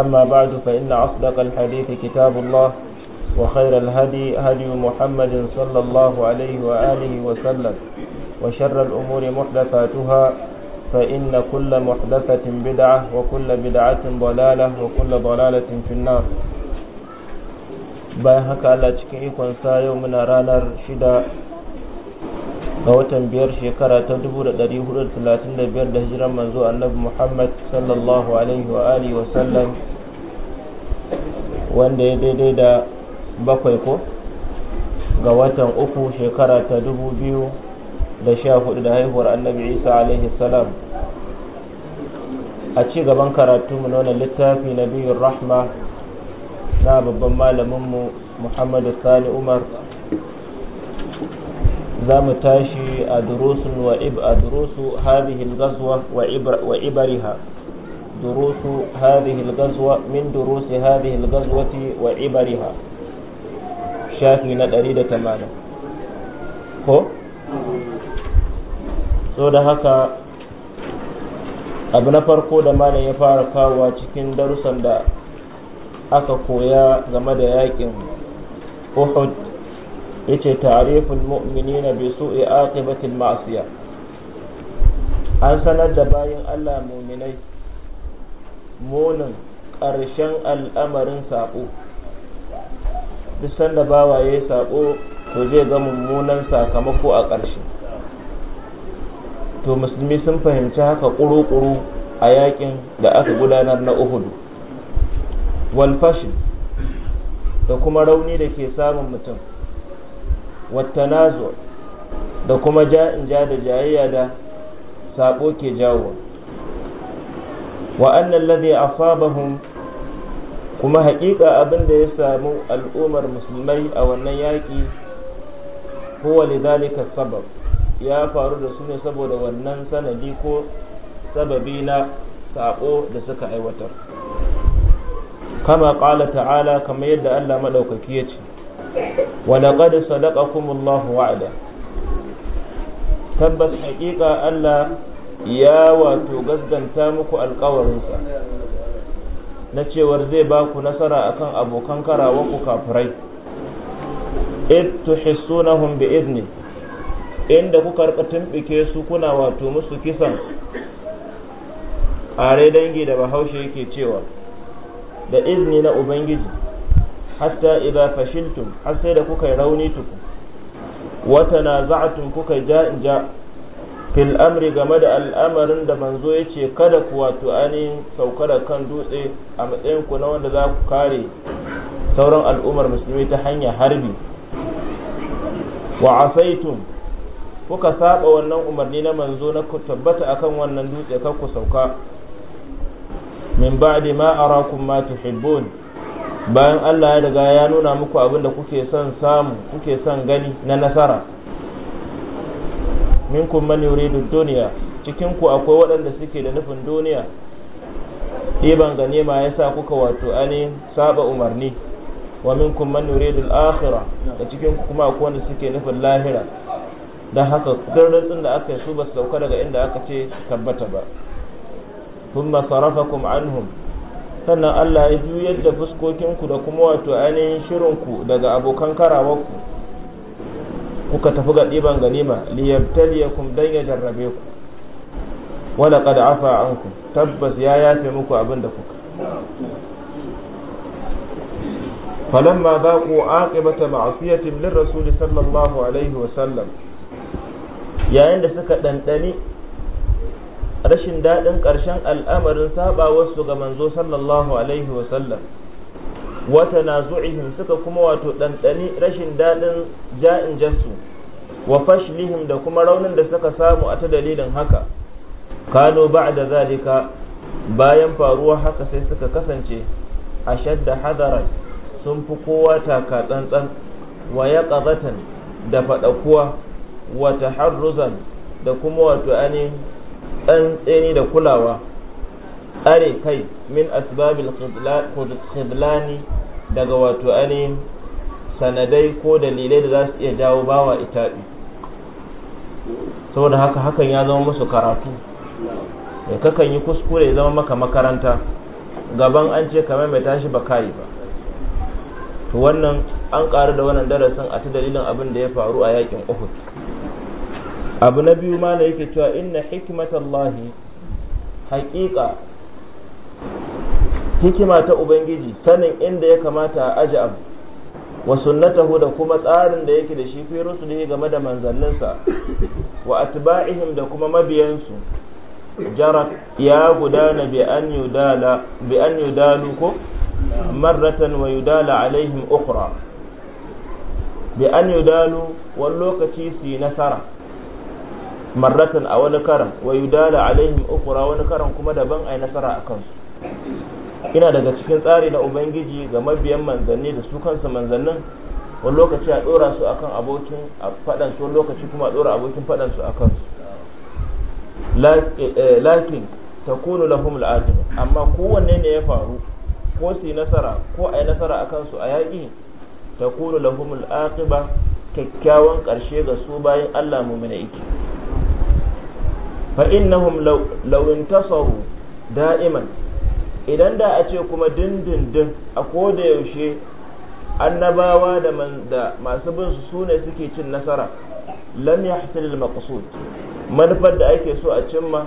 أما بعد فإن أصدق الحديث كتاب الله وخير الهدي هدي محمد صلى الله عليه وآله وسلم وشر الأمور محدثاتها فإن كل محدثة بدعة وكل بدعة ضلالة وكل ضلالة في النار bayan haka Allah cikin ikon sa yau muna ranar shida ga watan biyar shekara ta 1435 da hijiran manzo annabi Muhammad sallallahu alaihi wa alihi wa sallam wanda ya daidai da bakwai ko ga watan uku shekara ta dubu biyu da sha hudu da haihuwar annabi isa alaihi salam a ci gaban karatu mu nuna littafi na biyun rahma na babban malaminmu muhammadu sani umar za mu tashi a durusun wa ibarihar wa دروس هذه الغزوة من دروس هذه الغزوة وعبرها شافي ندريد تماما هو so da haka abu na farko da malam ya fara kawowa cikin darussan da aka koya game da yakin uhud yace ta'riful mu'minina bi su'i aqibatil ma'siyah an sanar da bayin Allah mu'minai munin ƙarshen al'amarin saƙo duk sanda bawa ya yi saƙo to zai ga mummunan sakamako a ƙarshe to musulmi sun fahimci haka ƙuru-ƙuru a yakin da aka gudanar na uhudu walfashin da kuma rauni da ke samun mutum watanazo da kuma ja'in ja da jayayya da saƙo ke jawo wa annan ladhi asabahum kuma haƙiƙa abin da ya samu al'ummar musulmai a wannan yaƙi huwa lidhalika sabab ya faru da su ne saboda wannan sanadi ko sababi na sako da suka aiwatar kama ƙala ta'ala kamar yadda Allah maɗaukaki ya ce wa laqad sadaqakumullahu wa'ada tabbas haƙiƙa Allah ya wato gaskanta muku alkawarinsa na cewar zai ba ku nasara akan abokan karawanku kafirai id tuhissunahum bi idni inda kuka rika tumbike su kuna wato musu kisan are dangi da bahaushe yake cewa da izini na ubangiji hatta idza fashiltum har sai da kuka rauni tuku wa tanaza'tum kuka ja fil amri game da al'amarin da manzo ya ce kada ku wato ainihin sauka da kan dutse a matsayin ku na wanda za ku kare sauran al'ummar musulmi ta hanyar harbi wa asaitum kuka saba wannan umarni na manzo na ku tabbata akan wannan dutse kar ku sauka min ba'di ma arakum ma tuhibbun bayan Allah ya riga ya nuna muku abin da kuke son samu kuke son gani na nasara minkum man yuridu dunya cikin ku akwai waɗanda suke da nufin duniya gane ganima yasa kuka wato ani saba umarni wa minkum man yuridu al-akhirah da cikin ku kuma akwai wanda suke nufin lahira dan haka dukkan da aka yi su ba su sauka daga inda aka ce tabbata ba thumma sarafakum anhum sannan Allah ya juyar da fuskokin ku da kuma wato ainihin shirin ku daga abokan karawarku kuka tafi ga ɗiban ganima liyabtaliyakum dan ya jarrabe ku wala qad afa ankum tabbas ya yafe muku abin da kuka falamma baqu aqibata ma'siyatin lirrasul sallallahu alaihi wa sallam yayin da suka dandani rashin daɗin ƙarshen al'amarin saba wasu ga manzo sallallahu alaihi wa sallam wata na suka kuma wato ɗanɗani rashin daɗin ja'in jassu wa fashlihim da kuma raunin da suka samu a ta dalilin haka kano ba da zalika bayan faruwa haka sai suka kasance a shadda hadaran sun fi kowa taka tsantsan wa ya da faɗakuwa wata harruzan da kuma wato ainihin tsantseni da kulawa tsare kai min asbabil khidlani daga wato ainihin sanadai ko dalilai da za su iya jawo bawa itaɓi saboda haka hakan ya zama musu karatu ya eh, kakan yi kuskure ya zama maka makaranta gaban an ce kamar mai tashi ba kayi ba to wannan an ƙaru da wannan darasin a ta dalilin abin da ya faru a yakin uhud abu na biyu ma da yake cewa inna hikmatallahi haƙiƙa hikima ta ubangiji sanin inda ya kamata a aji abu wa sunnatahu da kuma tsarin da yake da shi fi rusulihi game da manzanninsa wa atba'ihim da kuma mabiyansu jarat ya gudana bi an yudala bi an yudalu ko marratan wa yudala alaihim ukhra bi an yudalu wani lokaci su yi nasara marratan a wani karan wa yudala alaihim ukhra wani karan kuma daban yi nasara a kansu ina daga cikin tsari na ubangiji ga mabiyan manzanni da su kansa manzannin wani lokaci a dora su akan abokin faɗan su wani lokaci kuma a dora abokin faɗan su akan su lakin eh, kunu lahum al'aqiba amma kowanne ne ya faru ko su nasara ko a yi nasara akan su a yaƙi kunu lahum al'aqiba kyakkyawan ƙarshe ga su bayan Allah mai yake fa innahum law intasaru da'iman idan da a ce kuma dindindin a koda yaushe annabawa da masu bin su sune suke cin nasara lam yahsil maqsud manufar da ake so a cimma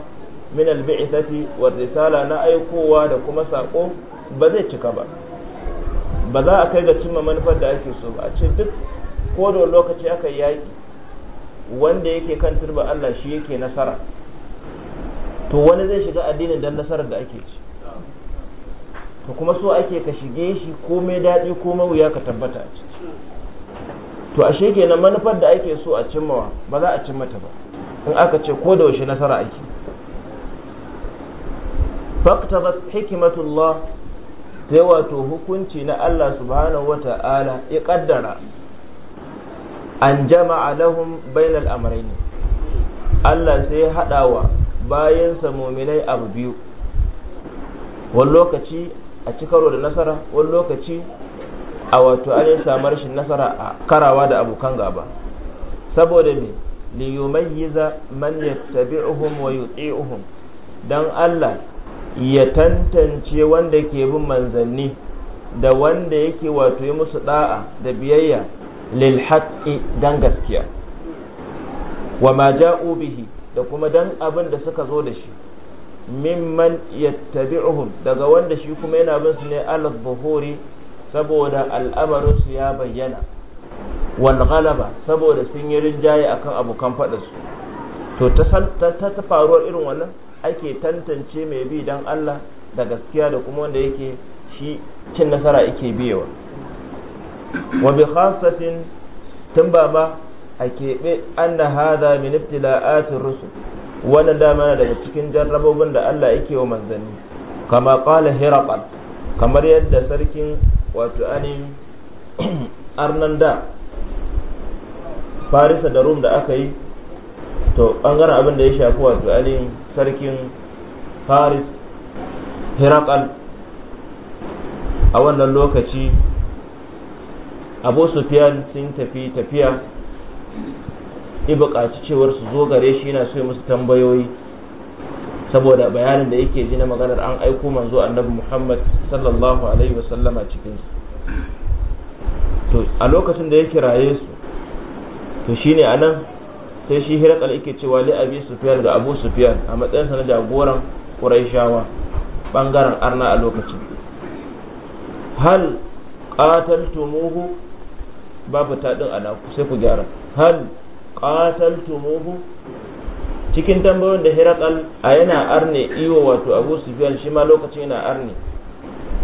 min al-bi'thati war risala na aikowa da kuma sako ba zai cika ba ba za a kai ga cimma manufar da ake so ba a ce duk ko da lokaci aka yaki wanda yake kan turba Allah shi yake nasara to wani zai shiga addinin dan nasarar da ake ci to kuma so ake ka shige shi komai daɗi ko komai wuya ka tabbata a ciki to ashe kenan manufar da ake so a cimmawa ba za a cimma ta ba in aka ce ko da yaushe nasara ake faktabat hikimatullah sai wato hukunci na Allah subhanahu wata'ala ya kaddara an jama'a lahum bainal amrayni Allah sai ya hadawa bayan sa mu'minai abu biyu wani lokaci a ci karo da nasara wani lokaci a wato an samu rashin nasara a karawa da abokan gaba saboda me li yumayyiza man yattabi'uhum wa yuti'uhum dan Allah ya tantance wanda ke bin manzanni da wanda yake wato yi musu da'a da biyayya lil haqqi dan gaskiya wa ma ja'u bihi da kuma dan abin da suka zo da shi mimman yattabi'uhum daga wanda shi kuma yana bin su ne alas buhuri saboda al'amarin su ya bayyana wal ghalaba saboda sun yi rinjaye akan abokan fada su to ta ta faruwar irin wannan ake tantance mai bi dan Allah da gaskiya da kuma wanda yake shi cin nasara yake biyewa wa bi khassatin tun ba a keɓe an da hada min ibtila'atir rusul wannan dama daga cikin jarrabobin da Allah yake wa manzanni kama qala hiraqal kamar yadda sarkin wato anin arnanda farisa da rum da aka yi to bangaren abin da ya shafi wato anin sarkin faris hiraqal a wannan lokaci abu sufyan sun tafi tafiya ya buƙaci cewar su zo gare shi yana so ya musu tambayoyi saboda bayanin da yake ji na maganar an aiko manzo annabi Muhammad sallallahu alaihi cikin su to a lokacin da ya kiraye su to shine anan sai shi Hirakal yake cewa li Abi Sufyan da Abu Sufyan a matsayin sa na jagoran Quraishawa bangaren Arna a lokacin hal qataltumuhu babu tadin ku sai ku gyara hal qataltumuhu cikin tambayoyin da hirakal a yana arne iwo wato abu sufyan shi ma lokacin yana arne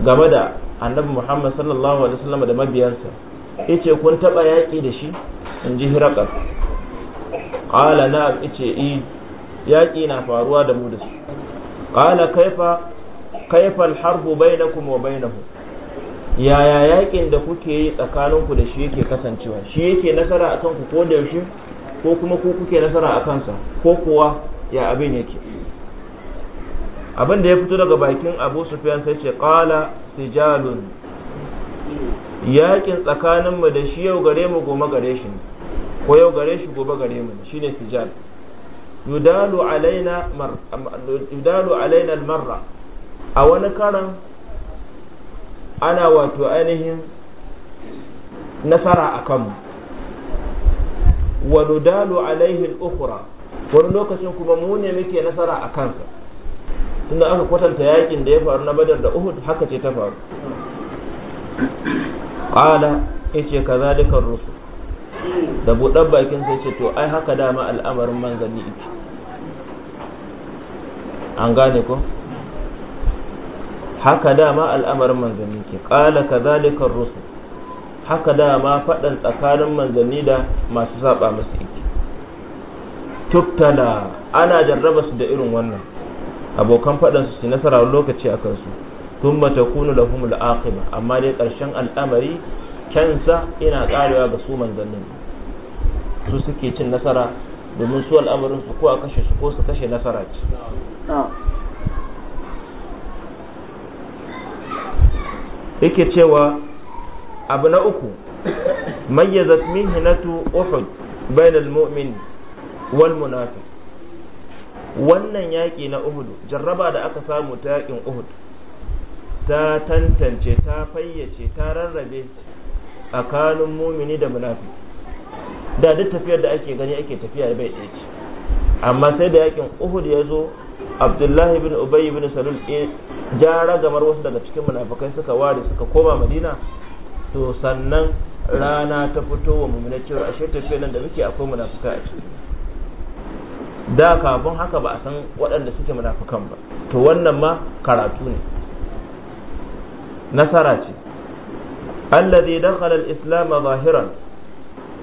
game da annabi muhammad sallallahu alaihi wasallam da mabiyansa yace kun taba yaki da shi in ji hirakal qala na'am yace i e, yaki na faruwa da mu da su qala kaifa kaifa al-harbu bainakum wa bainahu yaya yakin da kuke yi tsakaninku da shi yake kasancewa shi yake nasara akan ku ko da yaushe ko kuma ku kuke nasara a kansa ko kuwa ya abin yake abin da ya fito daga bakin abu sufiyan sai ce kala sijalun yakin tsakanin mu da shi yau gare mu goma gare shi ko yau gare shi gobe gare mu shine sijal yudalu alaina yudalu alaina almarra a wani karan ana wato ainihin nasara a kanmu wa nudalu alaihi al-ukhra wani lokacin kuma mu ne muke nasara a kansa tunda aka kwatanta yakin da ya faru na badar da uhud haka ce ta faru qala yace kazalika rusul da buɗar bakin sai ce to ai haka dama al'amarin manzanni ne an gane ko haka dama al'amarin manzanni ke Kala kazalika zalikar rusul haka dama faɗan tsakanin manzanni da masu saba masu iki tuktala ana jarraba su da irin wannan abokan faɗan su su nasara lokaci a kansu tun mata kunu da humul aqiba amma dai ƙarshen al'amari kyansa ina ƙarewa ga su manzannin su suke cin nasara domin su al'amarin su ko a kashe su ko su kashe nasara ce yake cewa abu na uku mayyazat hinatu uhud bainal mu'min wal munafiq wannan yaƙi na uhud jarraba da aka samu ta yaƙin uhud ta tantance ta fayyace ta rarrabe tsakanin mumini da munafi da duk tafiyar da ake gani ake tafiya bai ɗaya ce amma sai da yakin uhud ya zo abdullahi bin ubayy bin salul ya eh, ragamar wasu daga cikin munafikai suka ware suka koma madina to sannan rana ta fito wa mummuna cewa ashe tafiyar nan da muke akwai munafuka a ciki da kafin haka ba a san waɗanda suke munafukan ba to wannan ma karatu ne nasara ce allazi dakhala al-islam zahiran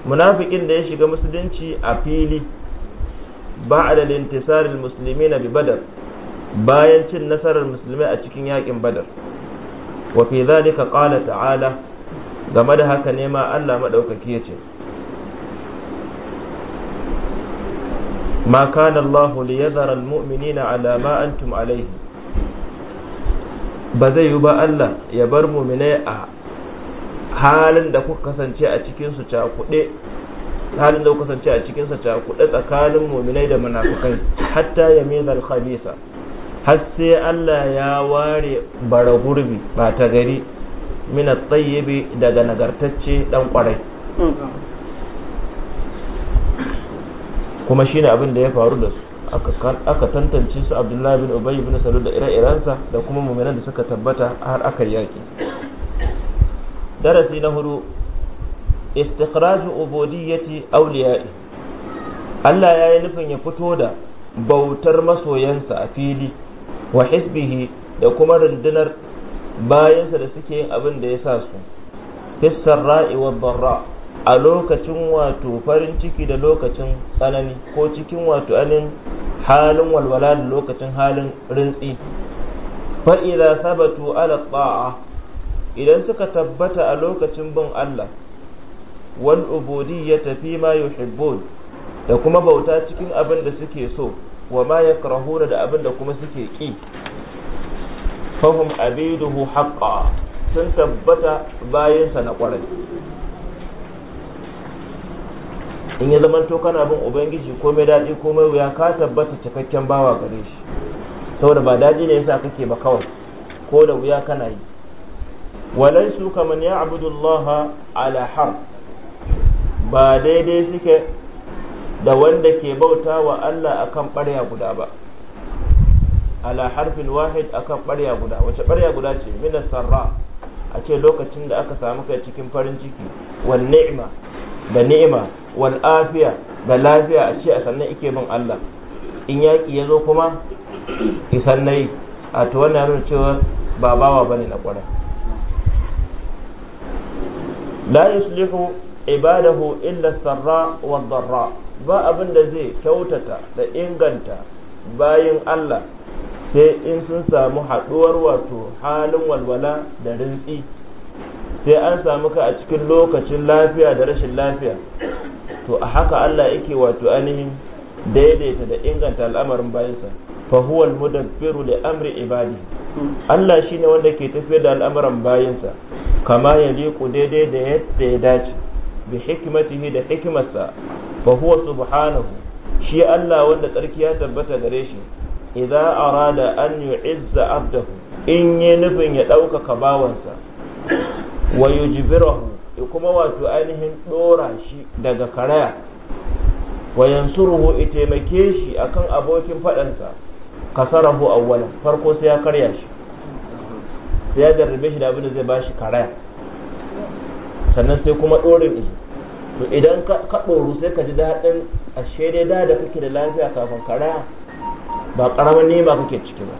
munafikin da ya shiga musulunci a fili ba'da al-intisar al-muslimina bi badar bayan cin nasarar musulmai a cikin yakin badar wa fi dhalika qala ta'ala game da haka ne ma Allah maɗaukaki ya ce ma kana Allah li yadhara almu'minina ala ma antum alayhi ba zai yi ba Allah ya bar mu'minai a halin da kuka kasance a cikin su cakuɗe halin da kuka kasance a cikin sa cakuɗe tsakanin mu'minai da munafikai hatta mizal khabisa har sai Allah ya ware bara gurbi ba ta gari min at daga nagartacce dan kwarai kuma shine abin da ya faru da su aka tantance su Abdullahi bin Ubay bin Salul da ire-irensa da kuma mu'minan da suka tabbata har aka yaki darasi na hudu istikhraju ubudiyyati awliya'i Allah ya yi nufin ya fito da bautar masoyansa a fili wa hisbihi da kuma rundunar bayansa da suke yin abin da ya sa su fissar ra'i wa barra a lokacin wato farin ciki da lokacin tsanani ko cikin wato anin halin walwala da lokacin halin rintsi idza sabatu ala ta'a idan suka tabbata a lokacin bin Allah wal ya tafi ma yuhibbun da kuma bauta cikin abin da suke so wa ma yakrahuna da abin da kuma suke ki fahum abiduhu Haƙa sun tabbata bayansa na ƙwarai. in ya zama to kana bin ubangiji ko mai daɗi ko mai wuya ka tabbata cikakken bawa gare shi saboda ba daji ne yasa kake ba kawai ko da wuya kana yi walaisu kaman ya abudullah ala har ba daidai suke da wanda ke bauta wa Allah akan ɓarya guda ba ala harfin wahid akan barya guda wace barya guda ce mina sarra a ce lokacin da aka samu kai cikin farin ciki wal ni'ma da ni'ima wal afiya da lafiya a ce a sannan ike bin Allah in yaki ya zo kuma ki sannai a to wannan nuna cewa ba bawa bane na kwara la yuslihu ibadahu illa sarra wa darra ba abin da zai kyautata da inganta bayin Allah sai in sun samu haɗuwar wato halin walwala da rintsi sai an samu ka a cikin lokacin lafiya da rashin lafiya to a haka Allah yake wato ainihin daidaita da inganta al'amarin bayansa fa huwa al-mudabbiru li amri ibadi Allah shine wanda ke tafiyar da al'amuran bayansa kama ku daidai da yadda ya dace bi hikmatihi da hikimarsa fa huwa subhanahu shi Allah wanda tsarki ya tabbata gare shi idza arada an yu'izza abdahu in ya nufin ya ɗaukaka bawansa wa yujbirahu kuma wato ainihin dora shi daga karaya wa yansuruhu ya taimake shi akan abokin faɗansa kasarahu awwalan farko sai ya karya shi sai ya jarrabe shi da abin da zai bashi shi karaya sannan sai kuma ɗorin izo to idan ka ɗoru sai ka ji daɗin ashe dai da da kake da lafiya kafin karaya ba ƙaramin ne ba kake ciki ba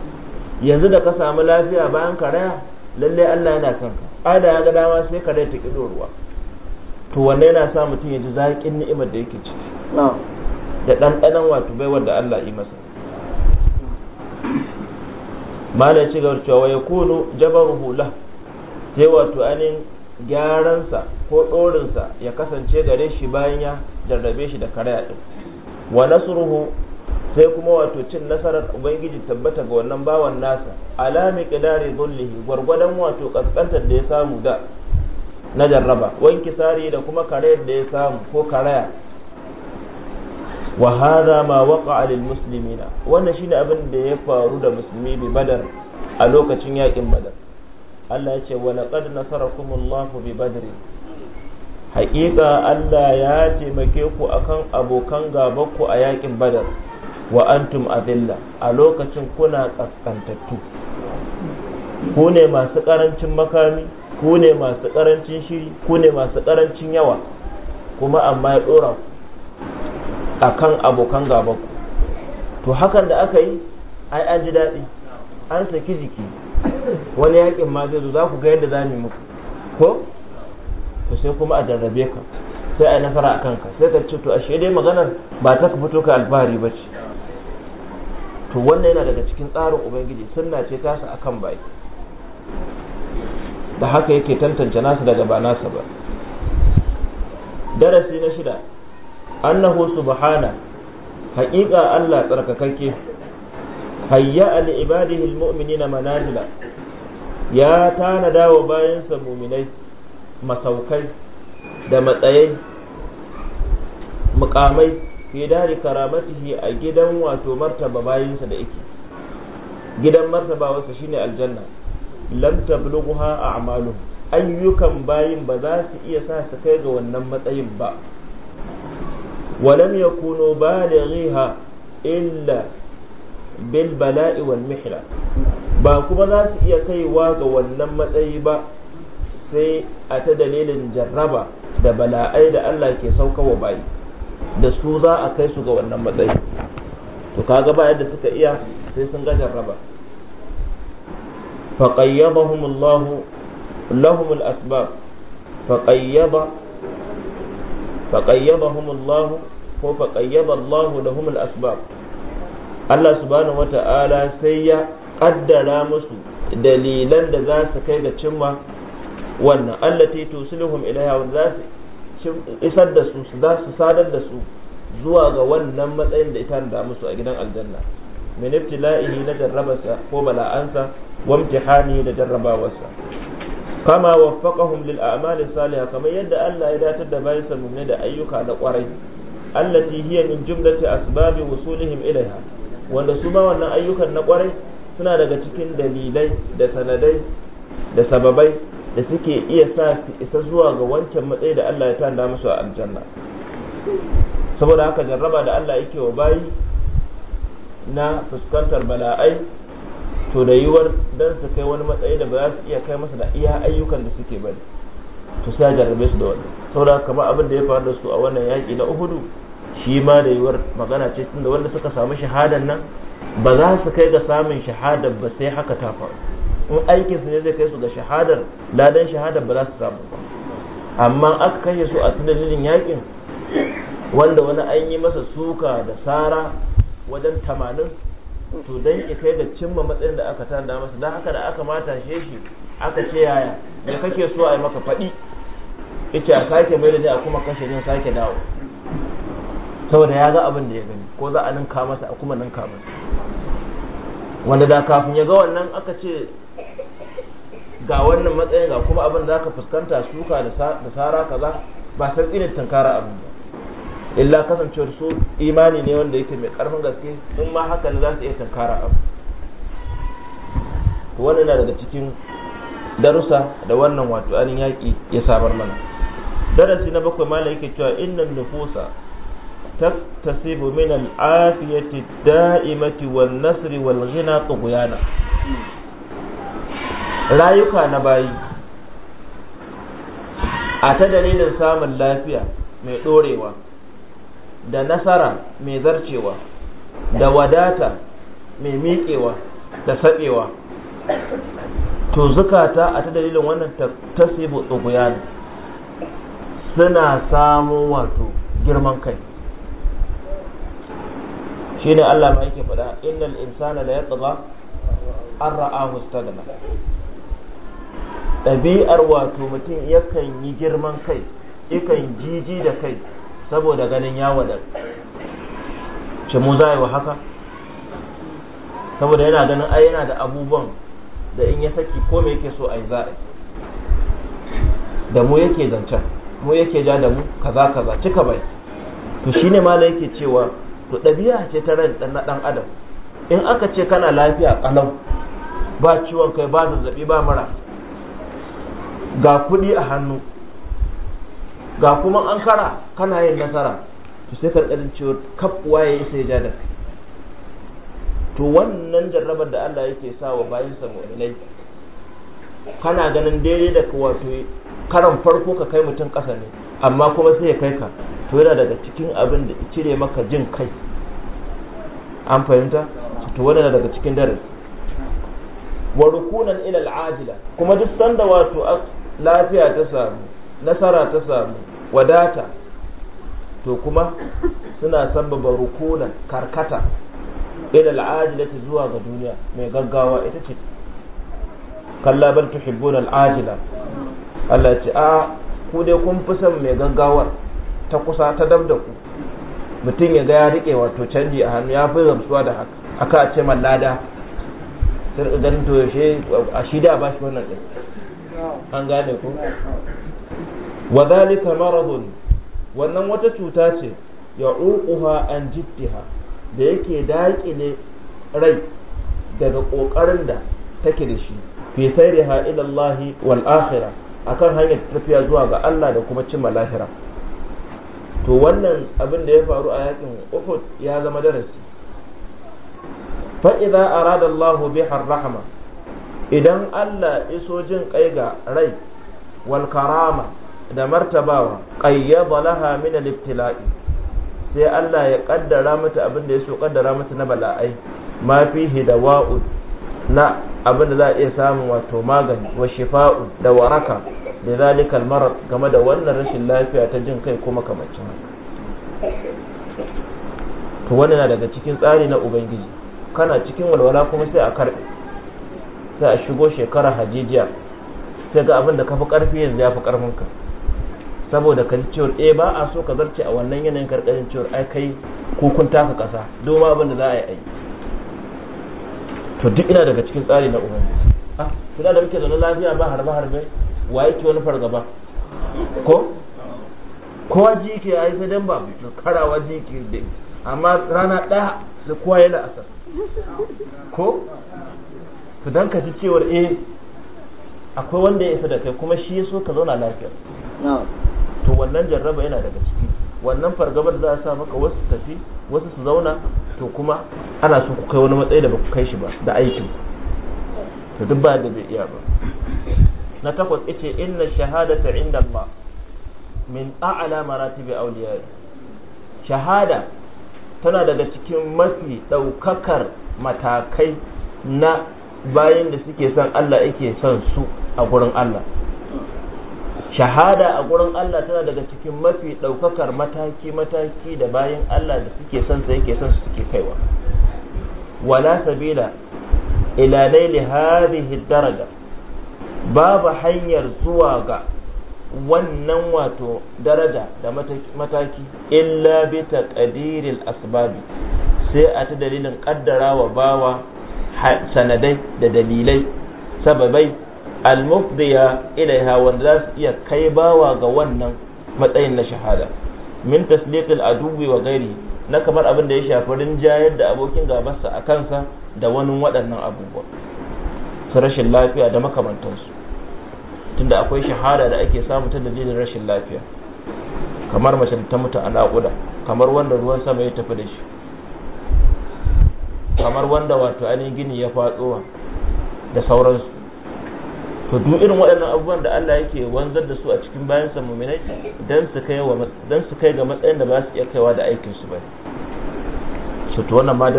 yanzu da ka samu lafiya bayan karaya lallai Allah yana kan ka ada ya ga dama sai ka ta kido ruwa to wanne yana sa mutum ya ji zaƙin ni'imar da yake ciki da ɗanɗanon wato bai wanda Allah yi masa malai ci gaba cewa ya kunu jabaruhu la sai wato anin gyaransa ko sa ya kasance gare shi bayan ya jarrabe shi da karaya ɗin wa nasruhu sai kuma wato cin nasarar ubangiji tabbata ga wannan bawan nasa alami qidari dhullihi gwargwadon wato kaskantar da ya samu da na jarraba wanki sari da kuma karayar da ya samu ko karaya wa hadha ma waqa'a lil muslimina wannan shine abin da ya faru da musulmi bi badar a lokacin yakin badar Allah ya ce wa laqad nasarakumullahu bi badri haƙiƙa Allah ya taimake ku akan abokan ku a yakin badar wa antum adilla a lokacin kuna kaskantattu ku ne masu karancin makami ku ne masu karancin shiri ku ne masu karancin yawa kuma amma ya dora akan abokan gaba to hakan da aka yi ai an ji daɗi an saki jiki wani yakin ma zai zo za ku ga yadda za mu muku ko to sai kuma a jarrabe ka sai a yi nasara a kanka sai ka ce to ashe dai maganar ba ta ka fito ka alfahari ba ce to wannan yana daga cikin tsarin ubangiji sunna ce tasa akan bai da haka yake tantance nasa daga ba nasa ba darasi na shida annahu subhana haƙiƙa Allah tsarkakakke hayya ali ibadihi mu'minina manazila ya tanadawa bayan bayansa muminai masaukai da matsayai mukamai fi dari karamatihi a gidan wato martaba bayinsa da yake gidan martaba wasa shine aljanna lam tablughuha a'maluhum ayyukan bayin ba za su iya sa su kai ga wannan matsayin ba walam yakunu balighiha illa bil bala'i wal mihla ba kuma za su iya kaiwa ga wannan matsayi ba sai a ta dalilin jarraba da bala'ai da Allah ke sauka wa bayi da su za a kai su ga wannan matsayi to kaga ba yadda suka iya sai sun ga jarraba فقيضهم الله لهم الأسباب فقيض ko الله فقيض الله لهم الأسباب Allah subhanahu wata'ala sai ya kaddara musu dalilan da za su kai ga cimma wannan allati tusluhum ilaiha wa za su isar da su za su sadar da su zuwa ga wannan matsayin da ita da musu a gidan aljanna min ibtila'ihi na jarrabarsa ko bala'ansa wa imtihani da jarrabawarsa kama waffaqahum lil a'mali salihah kamar yadda Allah ya datar da sa mu'mini da ayyuka na kwarai allati hiya min jumlati asbabi wusulihim ilaiha wanda su ba wannan ayyukan na kwarai suna daga cikin dalilai da sanadai da sababai da suke iya sa su isa zuwa ga wancan matsayi da Allah ya tanda musu a aljanna saboda haka jarraba da Allah yake wa bayi na fuskantar bala'ai to da yiwuwar dan su kai wani matsayi da ba za su iya kai masa da iya ayyukan da suke bari to sai jarrabe su da wannan saboda kamar abin da ya faru da su a wannan yaki na Uhudu shi ma da yiwuwar magana ce tunda wanda suka samu shahadan nan ba za su kai ga samun shahada ba sai haka ta faru in aikin su ne zai kai su ga shahadar ladan shahadar ba za su samu amma aka kashe su a dalilin yakin wanda wani an yi masa suka da sara wajen tamanin to dan ya kai ga cimma matsayin da aka tanda masa dan haka da aka mata shi aka ce yaya da kake so a yi maka faɗi yace a sake mai da a kuma kashe jin sake dawo saboda ya ga abin da ya gani ko za a ninka masa a kuma ninka masa wanda da kafin ya ga wannan aka ce ga wannan matsayin ga kuma abin da ka fuskanta suka da sara kaza ba san tsinin tankara abin ba illa kasancewar su imani ne wanda yake mai karfin gaske in ma haka ne za su iya tankara abu wannan na daga cikin darussa da wannan wato anin yaki ya sabar mana darasi na bakwai mala yake cewa innan nufusa taktasibu min al-afiyati da'imati wal nasri wal ghina tughyana rayuka na bayi a ta dalilin samun lafiya mai ɗorewa da nasara mai zarcewa da wadata mai miƙewa da saɓewa to zukata a ta dalilin wannan tasibu tsuguyani suna samun wato girman kai shi ne allah ma yake faɗa innal insana ya tsaba an ra'ahu istagna ɗabi'ar wato mutum yakan yi girman kai yakan jiji da kai saboda ganin ya wadar ce mu za wa haka saboda yana ganin ai yana da abubuwan da in ya saki ko me yake so a yi za da mu yake zancen mu yake ja da mu kaza kaza cika bai to shine mala yake cewa to ɗabi'a ce ta ran na ɗan adam in aka ce kana lafiya ƙalau ba ciwon kai ba zazzabi ba mara ga kuɗi a hannu ga kuma an kara kana yin nasara to sai karkarin cewa kaf waye isa ya ja da kai to wannan jarrabar da Allah yake sa wa bayan sa mu'minai kana ganin daidai da ka wato karan farko ka kai mutum ƙasa ne amma kuma sai ya kai ka to yana daga cikin abin da cire maka jin kai an fahimta to wannan daga cikin darasi wa rukunan ila al'ajila kuma duk sanda wato lafiya ta samu nasara ta samu wadata to kuma suna sababa rukunan karkata ila al'ajilati zuwa ga duniya mai gaggawa ita ce kalla bal tuhibbuna al'ajila Allah ce a ku dai kun fi son mai gaggawar ta kusa ta dab ku mutum ya ga ya rike wato canji a hannu ya fi gamsuwa da haka aka ce mallada sai ganin to yaushe a shida ba shi wannan din an gane ku wa zalika maradun wannan wata cuta ce ya uquha an jiddiha da yake daƙile rai daga ƙoƙarin da take da shi fi sayriha ila Allah wal akhirah akan hanyar tafiya zuwa ga Allah da kuma cimma lahira to wannan abin da ya faru a yakin Uhud ya zama darasi fa idza arada Allah biha rahma idan Allah iso jin kai ga rai wal karama da martabawa qayyaba laha min al ibtila'i sai Allah ya kaddara mata abin da ya so kaddara mata na bala'ai ma fihi dawa'u na abin da za a iya samun wato magani wa shifa'u da waraka da zalikal marar game da wannan rashin lafiya ta jin kai kuma kamacin to wannan na daga cikin tsari na ubangiji kana cikin walwala kuma sai a karbe sai a shigo shekara hajijiya sai ga abin da ka fi ƙarfi yanzu ya fi ƙarfinka saboda ka ji cewar eh, ba a so ka zarce a wannan yanayin karkashin cewar ai kai kukun taka ƙasa doma abin da za a yi ai to duk ina daga cikin tsari na umarni. ah kuna da muke zaune lafiya ba harbe harbe wa yake wani fargaba ko kowa ji yake ya yi sai dan ba karawa ji yake amma rana ɗaya da kowa yana asar ko to dan ka ji cewar eh akwai wanda ya isa da kai kuma shi ya so ka zauna lafiya to wannan jarraba yana daga ciki wannan fargabar za a sa maka wasu tafi wasu su zauna to kuma ana so ku kai wani matsayi da ba ku kai shi ba da aikin to duk ba da bai iya ba na takwas ita inna ta inda Allah min a'la maratibi awliya shahada tana daga cikin mafi daukakar matakai na bayan da suke son Allah yake son su a gurin Allah shahada a gurin Allah tana daga cikin mafi ɗaukakar mataki-mataki da bayan Allah da suke son sa yake son su suke kaiwa wala sabila ila laili hadhihi daraja babu hanyar zuwa ga wannan wato daraja da mataki illa bi taqdiril asbabi sai a ta dalilin kaddarawa bawa sanadai da dalilai sababai al-mufdiya ilaiha wanda za su iya kai bawa ga wannan matsayin na shahada min tasdiqil adubi wa gairi na kamar abin da ya shafi rinjayar da abokin gabarsa a kansa da wani waɗannan abubuwa su rashin lafiya da makamantansu tunda akwai shahada da ake samu ta dalilin rashin lafiya kamar mace ta mutu a naƙuda kamar wanda ruwan sama ya tafi da shi kamar wanda wato ainihin gini ya faɗowa da sauransu to duk irin waɗannan abubuwan da Allah yake wanzar da su a cikin sa muminai dan su kai wa dan su kai ga matsayin da ba su iya kaiwa da aikin su bane so to wannan ma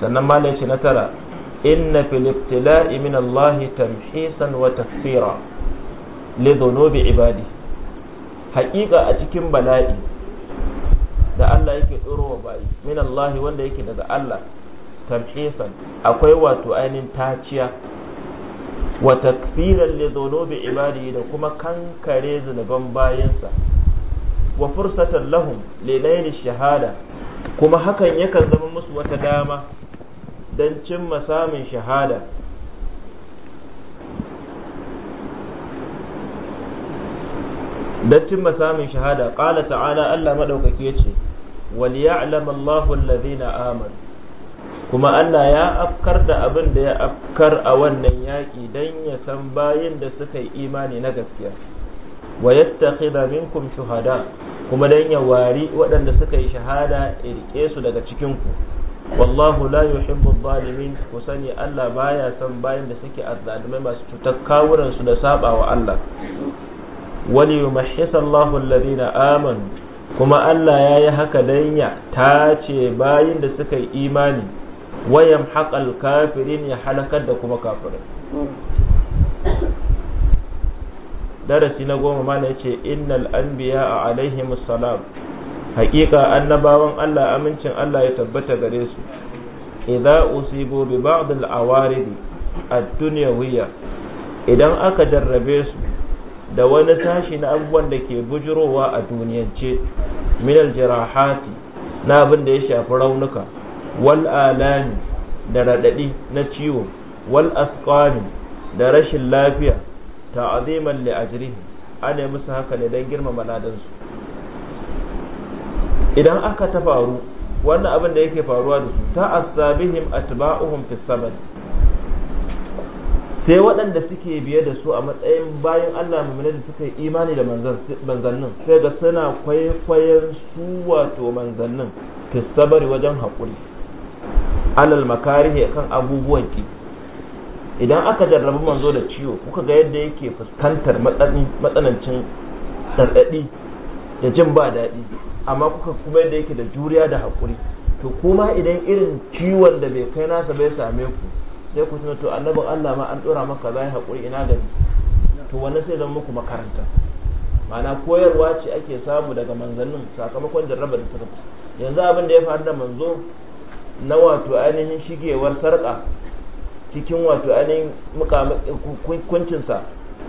sannan malai ce na tara inna fil ibtila'i min Allah tamhisan wa takfira li dhunubi ibadi haƙiƙa a cikin bala'i da Allah yake tsoro wa min Allah wanda yake daga Allah tarhisan akwai wato ainihin taciya wa takfiran li dhunubi ibadi da kuma kankare zunuban bayansa wa fursatan lahum li layli shahada kuma hakan yakan zama musu wata dama dan cimma samun shahada don cimma samun shahada ƙala ta'ala Allah maɗaukaki ya ce waliya'lam Allahu amanu kuma Allah ya afkar da abin da ya afkar a wannan yaƙi dan ya san bayin da suka yi imani na gaskiya wa yattakhidha minkum shuhada kuma dan ya wari waɗanda suka yi shahada ya su daga cikin ku wallahu la yuhibbu zalimin ku sani Allah baya san bayin da suke azzalumai masu cutar kawuran su da saba wa Allah wali yumahhisa Allahu alladhina amanu kuma Allah ya yi haka dan ya tace bayin da suka yi imani wayan haƙal kafirin ya halakar da kuma kafirin darasi na goma mana yace innal anbiya a alaihim salam haƙiƙa annabawan Allah amincin Allah ya tabbata gare su idza usibu bi ba'd al awarid ad dunyawiyya idan aka jarrabe su da wani tashi na abubuwan da ke bujurowa a duniyance min al jirahati na abin da ya shafi raunuka wal alani da radadi na ciwo wal asqani da rashin lafiya ta'aziman li ajrihi ana musu haka ne dan girmama ladan su idan aka ta faru wannan abin da yake faruwa da su ta'assabihim atba'uhum fi sabad sai waɗanda suke biye da su a matsayin bayan Allah mummune da suka yi imani da manzannin sai ga suna kwaikwayon su wato manzannin fi sabari wajen haƙuri alal makarihi kan abubuwan ki idan aka jarrabi manzo da ciwo kuka ga yadda yake fuskantar matsanancin sarɗaɗi da jin ba daɗi amma kuka kuma yadda yake da juriya da haƙuri to kuma idan irin ciwon da bai kai nasa bai same ku sai ku tuna to annabin Allah ma an dora maka zai haƙuri ina gani to wannan sai zama muku makaranta mana koyarwa ce ake samu daga manzannin sakamakon jarrabar da suka yanzu abin da ya faru da manzo na wato ainihin shigewar sarƙa cikin wato ainihin kuncinsa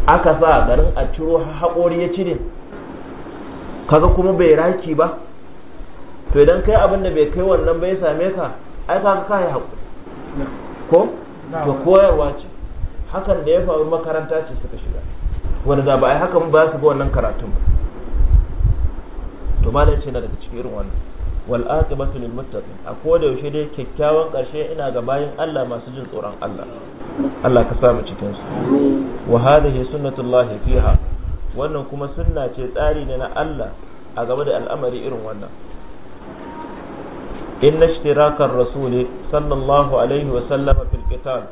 aka sa garin a ciro haƙori ya cire kaga kuma bai raki ba to idan kai abin da bai kai wannan bai same ka ai ka ka yi haƙuri ko to koyarwa ce hakan da ya faru makaranta ce suka shiga wanda da ba ai hakan ba su ga wannan karatun ba to malam ce na daga cikin irin wannan wal aqibatu lil muttaqin a koda yaushe dai kyakkyawan karshe ina ga bayin Allah masu jin tsoron Allah Allah ka samu cikin su wa hadhihi sunnatullahi fiha wannan kuma sunna ce tsari ne na Allah a gaba da al'amari irin wannan inna ishtirakar rasul sallallahu alaihi wa sallama fil qital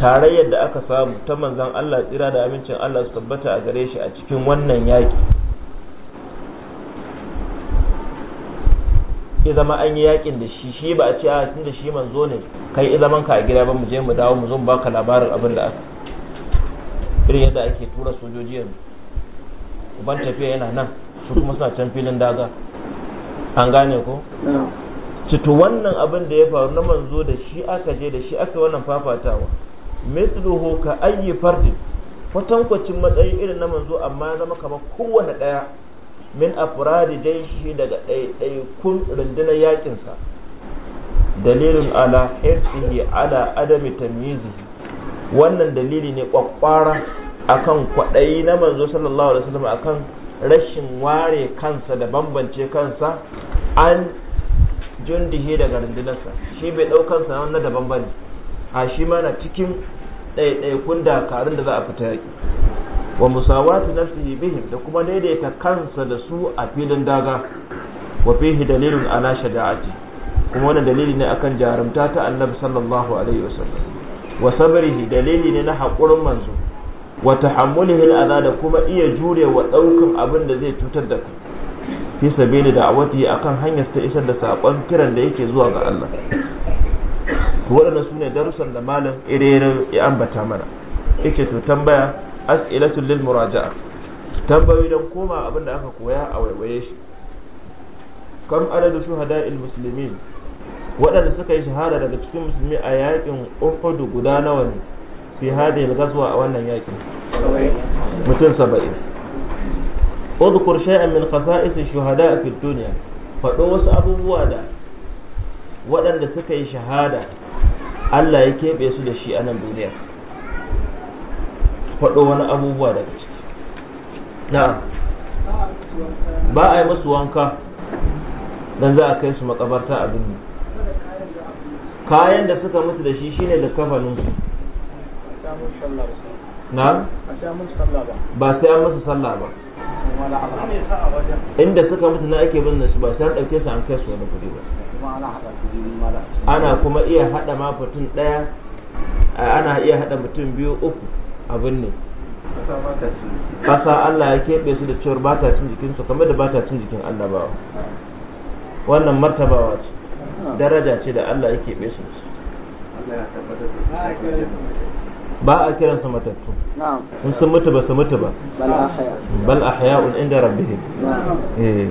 tarayyar da aka samu ta manzon Allah tsira da amincin Allah su tabbata a gare shi a cikin wannan yaki ya zama an yi yakin da shi shi ba a ce a ah, tunda shi manzo ne kai i zaman ka a gida ba mu je mu dawo mu zo mu baka labarin abin da aka irin yadda ake tura sojoji yanzu uban tafiya yana nan su kuma suna can filin daga an gane ko cito wannan abin da ya faru na manzo da shi aka je da shi aka wannan fafatawa mithluhu ka ayyi fardin kwatankwacin matsayi irin na manzo amma ya zama kamar kowane ɗaya min afradi jaishi daga ɗaiɗaikun rundunar yakinsa dalilin ala hifzihi ala adami tamyizihi wannan dalili ne kwakwara akan kwaɗayi na manzo sallallahu alaihi wasallam akan rashin ware kansa da bambance kansa an jundihi daga rundunarsa shi bai ɗaukansa na wannan daban bane a shi mana cikin ɗaiɗaikun dakarun da za a fita yaƙi wa musawatu nafsihi bihim da kuma daidaita kansa da su a filin daga wa fihi dalilun ala shaja'ati kuma wannan dalili ne akan jarumta ta annabi sallallahu alaihi wasallam wa sabrihi dalili ne na hakurin manzo wa tahammulihi ala da kuma iya jure wa daukan abin da zai cutar da kai fi sabili da'awati akan hanyar ta isar da sakon kiran da yake zuwa ga Allah waɗannan su ne darussan da malam irerin ya ambata mana yake to tambaya as'ilatul lil muraja'a tambayoyi don koma abin da aka koya a waiwaye shi kam adadu shuhada'il muslimin wadanda suka yi shahada daga cikin musulmi a yakin Uhud guda nawa ne fi hadhihi ghazwa a wannan yakin mutum 70 udhkur shay'an min qasa'is ash-shuhada fi dunya faɗo wasu abubuwa da wadanda suka yi shahada Allah ya keɓe su da shi a nan duniya faɗo wani abubuwa daga ciki na'am ba a yi musu wanka don za a kai su makabarta a ne kayan da suka mutu da shi shine da kafanin su na ba sai an musu sallah ba inda suka mutu na ake bin su ba sai an ɗauke su an kai su wani kuɗi ba ana kuma iya haɗa ma ɗaya ana iya haɗa mutum biyu uku abin ne kasa Allah ya keɓe su da cewar ba ta jikin su kamar da ba ta cin jikin Allah ba wannan martabawa ce daraja ce da Allah ya keɓe su ba a kiran kiransa matattu in sun mutu ba su mutu ba bal un inda rabbihim eh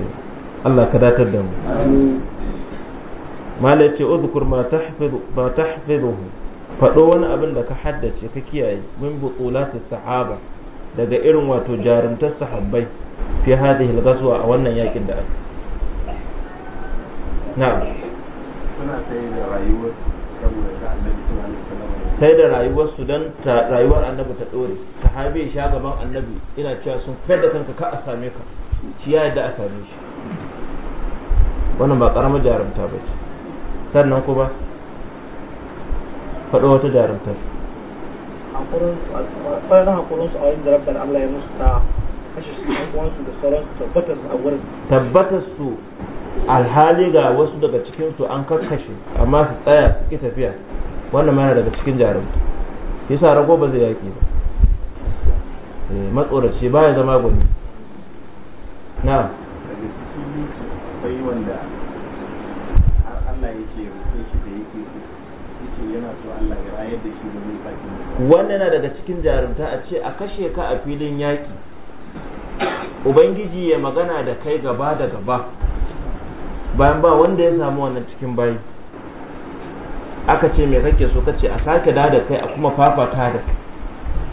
Allah ka datar da mu mala yace udhkur ma tahfizu ma tahfizuhu faɗo wani abin da ka haddace ka kiyaye min butulati sahaba daga irin wato jarumtar sahabbai fi hadhihi al-ghazwa a wannan yakin da aka na'am suna sai da rayuwar sai da rayuwar su dan rayuwar annabi ta dore sahabi ya sha gaban annabi ina cewa sun fayar da kanka ka a same ka shi ya yadda a same shi wannan ba karamar jarumta ba ce sannan kuma faɗo wata jarumta su tabbatar su alhali ga wasu daga cikin su an kakkashe amma su tsaya suke tafiya wannan mana daga cikin jarumta yasa rago ba zai yaki ba eh, matsoraci baya zama gwani. na wanda wannan na daga cikin jarumta a ce a kashe ka a filin yaki. ubangiji ya magana da kai gaba da gaba bayan ba wanda ya samu wannan cikin bayi aka ce mai kake so kace a sake da da kai a kuma fafata da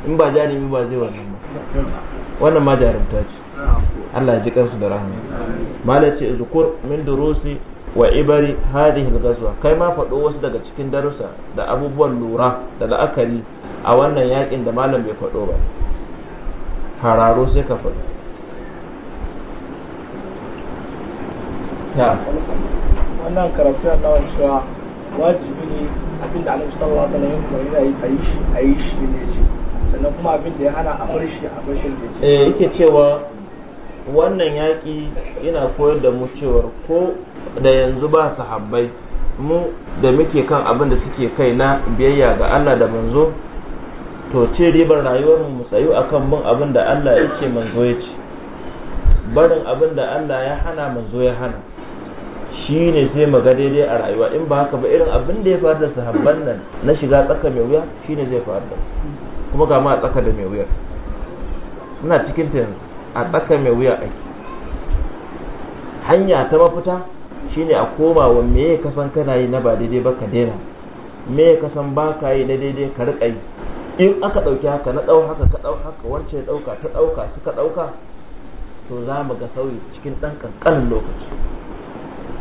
in ba jarumi ba zai wannan ba wannan ma jarumta ce Allah ya ji kansu da rahama malaci zukur min durusi wa ibari hadhihi al-ghazwa kai ma faɗo wasu daga cikin darussa da abubuwan lura da la'akari a wannan yakin da malam bai faɗo ba hararo sai ka faɗo wannan karatu na nawa cewa wajibi ne abin da alaihi sallallahu alaihi wasallam yana yi a yi shi a yi shi ne ce sannan kuma abin da ya hana a bar shi a bar shi ne ce eh yake cewa wannan yaki yana koyar da mu cewar ko da yanzu ba sahabbai mu da muke kan abin da suke kai na biyayya ga Allah da manzo to ce ribar rayuwar mu tsayu akan bin abin da Allah ya ce manzo ya ce barin abin da Allah ya hana manzo ya hana shi ne sai mu ga daidai a rayuwa in ba haka ba irin abin da ya faru da sahabban nan na shiga tsaka mai wuya shi ne zai faru da kuma ga ma a tsaka da mai wuya ina cikin ta a tsaka mai wuya ake hanya ta mafita shine a komawa me ya kasan kana yi na ba daidai ba ka daina me ya kasan ba ka yi na daidai ka riƙa yi in aka ɗauki haka na ɗau haka ka ɗau haka wance ya ɗauka ta ɗauka suka ɗauka to za mu ga sauyi cikin ɗan ƙanƙanin lokaci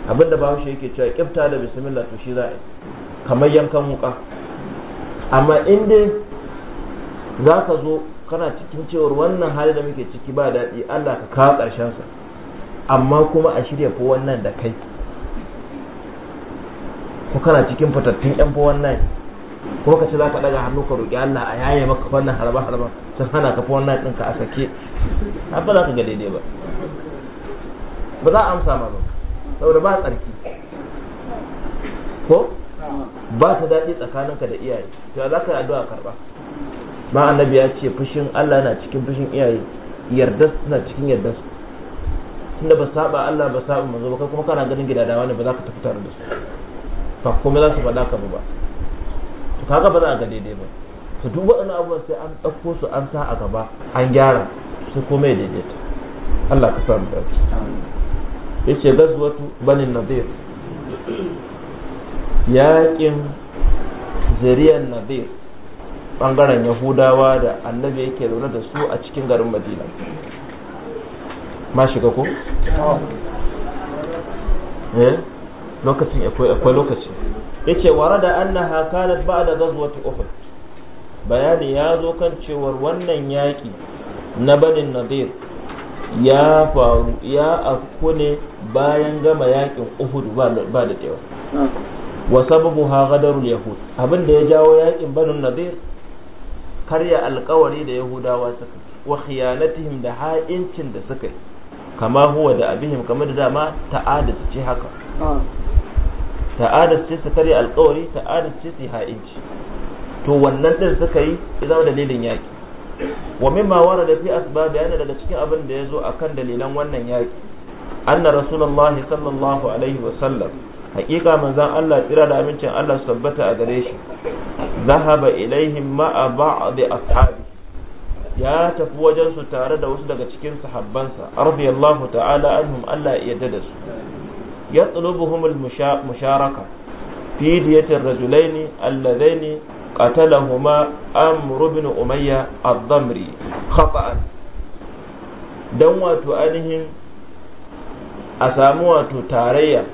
abinda bahaushe yake cewa ƙifta da bismillah to shi za a yi kamar yankan wuƙa amma in dai za ka zo kana cikin cewar wannan hali da muke ciki ba daɗi allah ka kawo ƙarshensa amma kuma a shirya ko wannan da kai ko kana cikin fatattun yan fa wannan ko ka ce za ka daga hannu ka roƙi Allah a yaye maka wannan harba harba sun hana ka fa wannan ɗinka a sake har ba za ka ga daidai ba ba za a amsa ma ba saboda ba tsarki ko ba ta daɗi tsakaninka da iyaye to za ka yi addu'a karɓa ma annabi ya ce fushin Allah na cikin fushin iyaye yarda na cikin yarda su tunda ba saba Allah ba saba manzo ba kai kuma kana ganin gidadawa ne ba za ka tafi tare da su ba kuma za su faɗa ka ba to kaga ba za a ga daidai ba to duk waɗannan abubuwan sai an ɗauko su an sa a gaba an gyara sai kuma ya daidaita Allah ka samu dace yace gazwatu banin nadir yaƙin zuriyar nadir ɓangaren yahudawa da annabi yake zaune da su a cikin garin madina ma shiga ko? eh lokacin akwai lokaci yace warada annaha kanat ba'da ghazwati uhud bayani ya zo kan cewar wannan yaki na banin nadir ya faru ya afku ne bayan gama yakin uhud ba da cewa hmm. wa sababu ha gadarul yahud abin da ya jawo yakin banin nadir karya alkawari da yahudawa suka wa khiyanatihim da ha'incin da suka yi kama huwa da abihim kama da dama ta'ada ce haka hmm. ta'adar ce su karya alkawari ta'adar ce su ha'inci to wannan din suka yi zama dalilin yaki wa mimma wara da fi asbab yana daga cikin abin da ya yazo akan dalilan wannan yaki anna rasulullah sallallahu alaihi wa sallam haƙiƙa manzon Allah tsira da amincin Allah su tabbata a gare shi zahaba ilaihim ma ba'd ashabi ya tafi wajen su tare da wasu daga cikin sahabbansa radiyallahu ta'ala anhum Allah ya yarda da su يطلبهم المشاركة في دية الرجلين اللذين قتلهما أمر بن أمية الضمري خطأ دوات أنهم أساموات تارية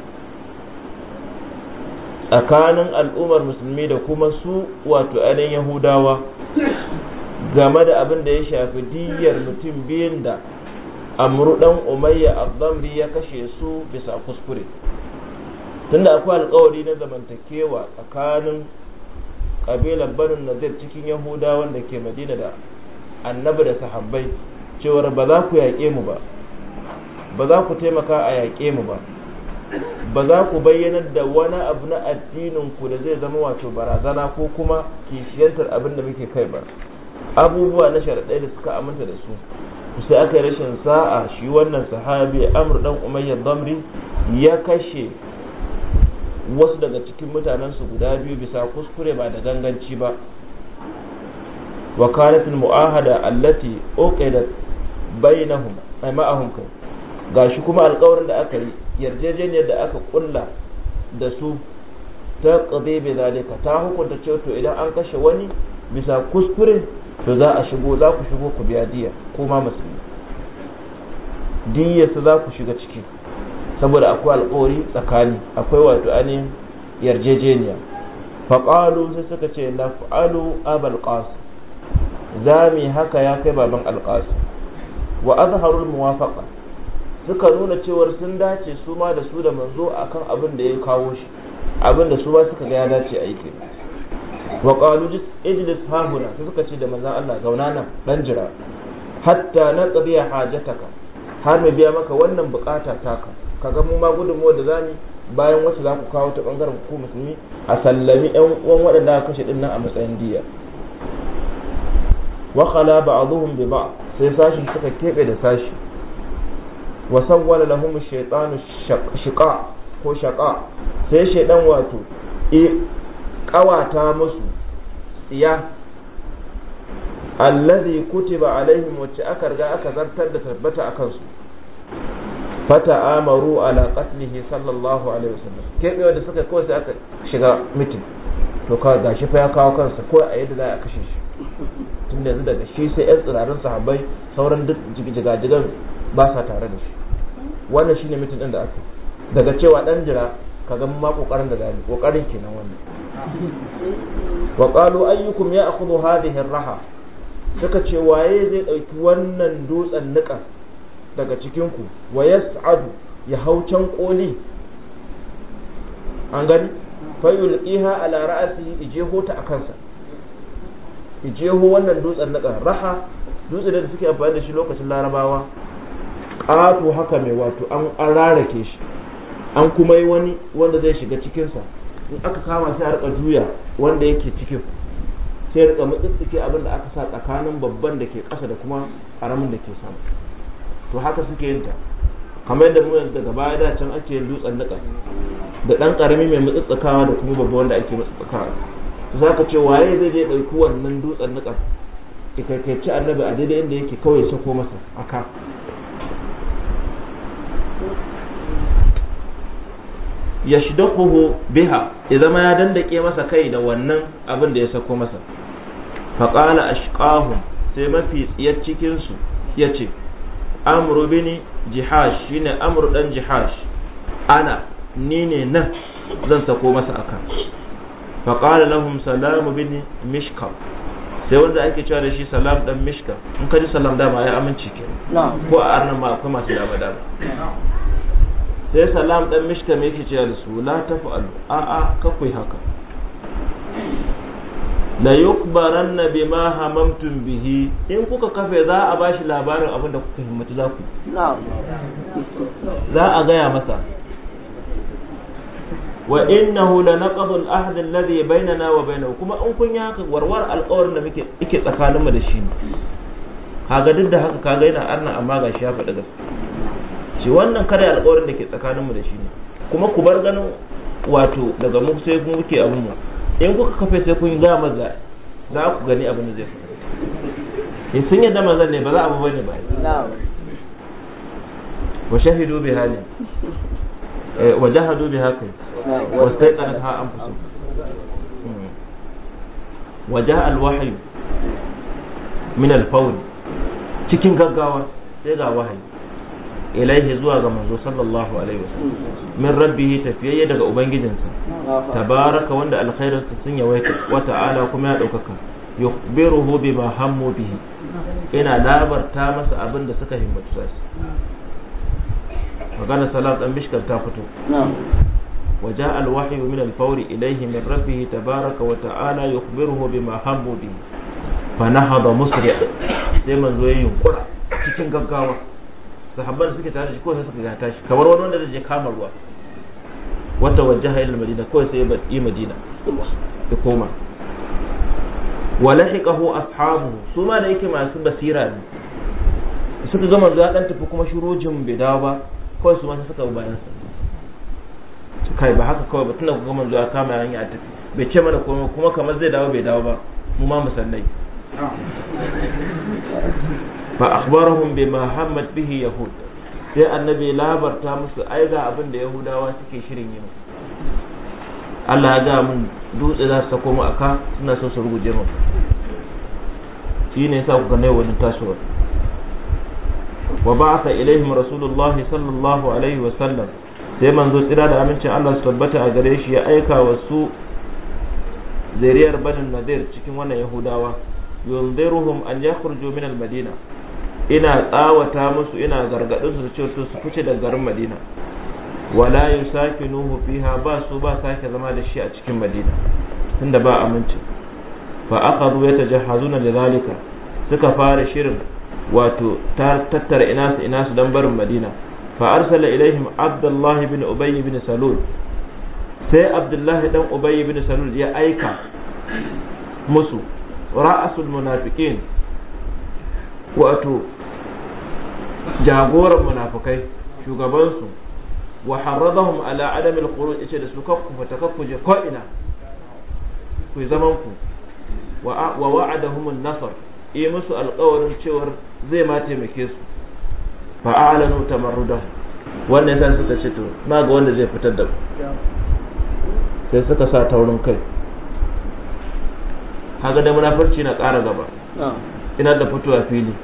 tsakanin al'ummar musulmi da kuma su wato yahudawa game da abin da ya shafi diyyar mutum biyun da amru dan umayya ad-damri ya kashe su bisa kuskure tunda akwai alƙawari na zamantakewa tsakanin kabilar banin nazir cikin yahuda wanda ke madina da annabi da sahabbai cewa ba za ku yaƙe mu ba ba za ku taimaka a yaƙe mu ba ba za ku bayyanar da wani abu na addinin ku da zai zama wato barazana ko kuma kishiyantar abin da muke kai ba abubuwa na sharaɗai da suka aminta da su sai aka yi rashin sa'a shi wannan sahabi amur dan umayyar damri ya kashe wasu daga cikin mutanen su guda biyu bisa kuskure ba da ganganci ba wakalatin mu'ahada allati uqidat bainahum ay ma'ahum kai gashi kuma alkawarin da aka yi yarjejeniyar da aka kulla da su ta qadi bi zalika ta hukunta cewa to idan an kashe wani bisa kuskure to za a shigo za ku shigo ku biya diya ko ma musulmi diyarsa za ku shiga ciki saboda akwai alƙawari tsakani akwai wato ainihin yarjejeniya faƙalu sai suka ce na fa'alu abal za mu haka ya kai baban Alƙasu. wa azharul muwafaqa suka nuna cewar sun dace su ma da su da manzo akan abin da ya kawo shi abin da su ba suka ga ya dace aiki wa qalu ijlis hahuna su suka ce da manzan Allah zauna nan dan jira hatta na tsabiya hajataka har mu biya maka wannan bukata taka kaga mu ma gudunmu da zani bayan wasu za ku kawo ta bangaren ku musulmi a sallami yan uwan waɗanda aka kashe dinnan a matsayin diya wa khala ba'dhum bi ba. sai sashi suka kebe da sashi wa sawwala lahum ash-shaytanu shiqa ko shaqa sai shaydan wato e ƙawata musu tsiya allazi kutiba alaihim wacce aka riga aka zartar da tabbata a kansu fata amaru ala qatlihi sallallahu alaihi wasallam kebewa da suka kawai aka shiga mitin to ka gashi fa ya kawo kansa ko a yadda za a kashe shi tun da yanzu daga shi sai yan tsirarin sahabbai sauran duk jigajigan ba sa tare da shi wannan shine mitin din da aka daga cewa dan jira ka mun ma kokarin da zai kokarin kenan wannan wa qalu ayyukum ya'khudhu hadhihi ar-raha suka ce waye zai ɗauki wannan dutsen nika daga cikin ku wa yas'adu ya haucan koli an gani fa yulqiha ala ra'sihi ijeho ta kansa. ijeho wannan dutsen nika raha dutsen da suke amfani da shi lokacin larabawa ƙato haka mai wato an rarake shi an kuma yi wani wanda zai shiga cikinsa in aka kama sai a rika juya wanda yake cikin sai ya rika mutsitsike abin da aka sa tsakanin babban da ke ƙasa da kuma ƙaramin da ke sama to haka suke yin ta kamar yadda mu yanzu daga baya da can ake yin dutsen niƙa da ɗan ƙarami mai mutsitsikawa da kuma babba wanda ake mutsitsikawa to za ka ce waye zai je ɗauki wannan dutsen niƙa ikakaici annabi a daidai inda yake kawai sako masa aka yashdaquhu biha ya zama ya dandake masa kai da wannan abin da ya sako masa faqala ashqahum sai mafi tsiyar cikin su yace amru bini jihash shine amru dan jihash ana ni ne nan zan sako masa akan faqala lahum salamu bini mishkam sai wanda ake cewa da shi salam dan mishkam in ka ji salam dama ya aminci ke ko a arnan ma akwai masu dama dama sai salam dan me yake cewa su la taf'alu a a ka ku haka la yukbaranna bima hamamtum bihi in kuka kafe za a bashi labarin abin da kuka himmatu za ku za a gaya masa wa innahu al ahd alladhi bainana wa bainahu kuma in kun yi haka warwar alƙawarin da muke yake tsakaninmu da shi kaga duk da haka kaga yana arna amma gashi ya faɗi gaskiya ce wannan kada alƙawarin da ke tsakaninmu da shi ne kuma ku bar ganin wato daga mu sai kun muke abin mu in kuka kafe sai kun ga maza za ku gani abin da zai faru in eh, sun yadda maza ne ba za a bane ba wa shahidu bi hali eh, wa jahadu bi hakan wa staqanat ha anfusuhum hmm. wa jaa al-wahyu min al-fawl cikin gaggawa sai ga wahayi ilaihi zuwa ga manzo sallallahu alaihi wasallam min rabbihi tafiyayye daga ubangijinsa tabaraka wanda alkhairinsa sun yawaita wa ta'ala kuma ya daukaka yukhbiruhu bima hammu bihi ina labarta masa abin da suka himmatu sai magana salat an bishkar ta fito وجاء ilaihi min الفور tabaraka wa ta'ala yukhbiruhu bima hammu bihi fa nahada musri sai manzo yayin kura cikin gaggawa sahabban suke tare da shi ko sai suka gata shi kamar wani wanda zai je kama ruwa wata wajaha ila madina ko sai ya yi madina ya koma wa lahiqahu ashabu su ma da yake masu basira ne suka gama zuwa dan tafi kuma shurojin bai dawo ba kawai su ma suka bi bayan sa kai ba haka kawai ba tunda ku gama zuwa kama hanya tafi bai ce mana komai kuma kamar zai dawo bai dawo ba mu ma musallai fa akhbarahum bima hammat bihi yahud sai annabi labarta musu ai ga abin da yahudawa suke shirin yi Allah ya ga mun dutse za su komo aka suna so su ruguje mu ne sa ku nai wani tasowa wa ba'atha ilaihim rasulullahi sallallahu alaihi wa sallam sai manzo tsira da amincin Allah su tabbata a gare shi ya aika wa su zariyar banin nadir cikin wannan yahudawa yunziruhum an yakhruju min al-madina ina tsawata musu ina gargadin su cewa to su fice daga garin Madina wala yusakinuhu fiha ba su ba sake zama da shi a cikin Madina tunda ba aminci fa aqadu yatajahhazuna lidhalika suka fara shirin wato tattara ina su ina su dan barin Madina fa arsala ilaihim abdullahi bin Ubay bin Salul sai abdullahi dan Ubay bin Salul ya aika musu ra'asul munafikin wato jagoran munafukai shugabansu wa harradahum ala adam al-khuruj yace da su kakku fatakakku je ko ina ku zaman ku wa wa'adahum an-nasr yi musu alƙawarin cewar zai ma taimake su fa a'lanu tamarrudah wannan yasa suka ce to na ga wanda zai fitar da ku sai suka sa taurin kai haka da munafurci na kara gaba ina da fitowa fili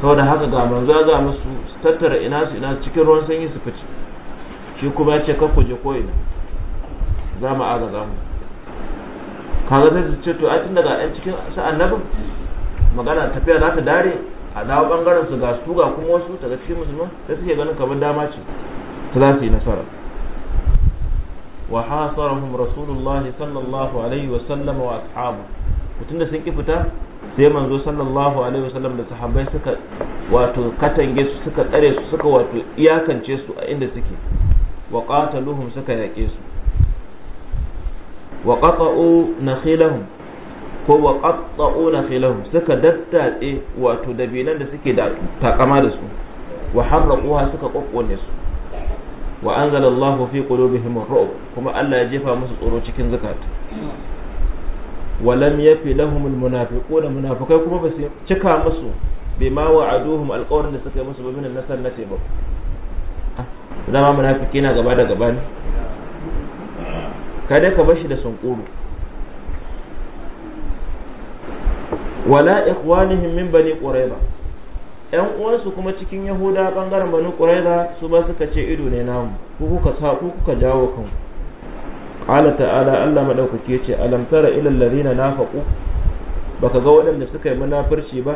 saboda haka ga manzo ya zama su tattara ina su ina cikin ruwan sanyi su fice shi kuma ya ce ka je ko ina za mu za mu kaga zai su ce to ai tunda daga ɗan cikin su annabin magana tafiya za ta dare a dawo bangaren su ga su ga kuma wasu daga cikin musulman da suke ganin kamar dama ce ta za su yi nasara wa hasarahum rasulullahi sallallahu alaihi wa sallam wa ashabu mutum da sun ki fita sai manzo sallallahu alaihi wasallam da sahabbai suka wato katange su suka tsare su suka wato iyakance su a inda suke wa qataluhum suka yaƙe su wa qata'u nakhilahum ko wa qata'u nakhilahum suka daddatse wato dabilan da suke da takama da su wa harraquha suka kokkone su wa anzalallahu fi qulubihim ar-ru'b kuma Allah ya jefa musu tsoro cikin zakata walam yafi lahum almunafiqun munafikai kuma ba su cika musu bai ma wa'aduhum alqawlan da suka yi musu ba min nasar na ba ah, ma munafiki na gaba da gaba ne kada ka bashi da sunkuru wala ikhwanihim min bani quraiba yan su kuma cikin yahuda bangaren bani quraiba su ba suka ce ido ne namu ku kuka sa ku kuka jawo kanku qala ta'ala Allah madaukaki yace alam tara ilal ladina nafaqu baka ga waɗanda suka yi munafirci ba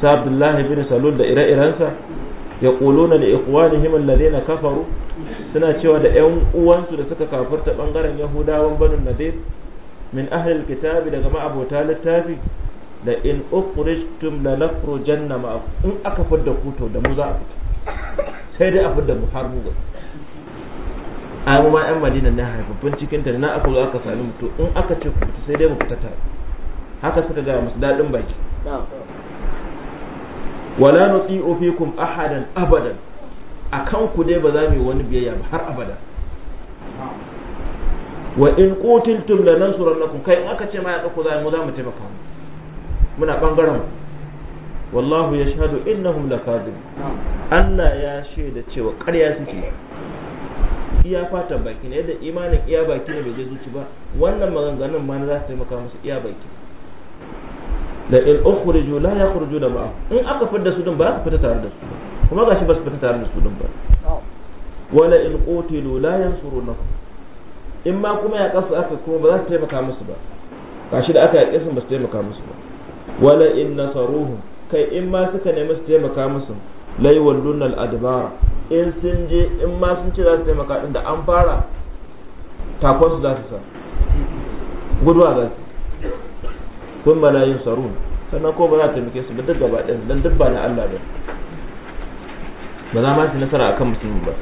sa Abdullah bin Salul da ire-irensa quluna li ikhwanihim alladhina kafaru suna cewa da ƴan uwansu da suka kafirta bangaren Yahudawan Banu Nadir min ahli alkitabi daga ma'abota littafi da in ukhrijtum la nakhrujanna ma'akum in aka fadda ku to da mu za a fita sai dai a fadda mu har mu ai ma yan madina ne haifaffun cikin ta na aka zo aka sami mutu in aka ce ku sai dai mu fita tare haka suka ga musu dadin baki wala nuti'u fikum ahadan abadan akan ku dai ba za mu yi wani biyayya ba har abada wa in qutiltum lanansurannakum kai in aka ce ma ya ku za mu za mu taimaka mu muna bangaren wallahu yashhadu innahum lakadib Allah ya shaida cewa ƙarya suke iya fatan baki ne yadda imanin iya baki ne bai je zuci ba wannan maganganun ma za su taimaka musu iya baki da in ukhriju la yakhruju da ma'a in aka da su din ba aka fita tare da su kuma gashi ba su fita tare da su din ba oh. wala in qutilu la yansurunakum in ma kuma ya kasu aka kuma ba za su taimaka musu ba gashi da aka yaƙe su ba su taimaka musu ba wala in nasaruhum kai in ma suka nemi su taimaka musu lai wallunan adibara in sun je in ma sun ce za su taimaka din da an fara takwas za su sa guduwa za su kun ma yin sarun sannan ko ba za ta taimake su ba duk gaba ɗin don duk ba na Allah ba ba za ma su nasara akan musulmi ba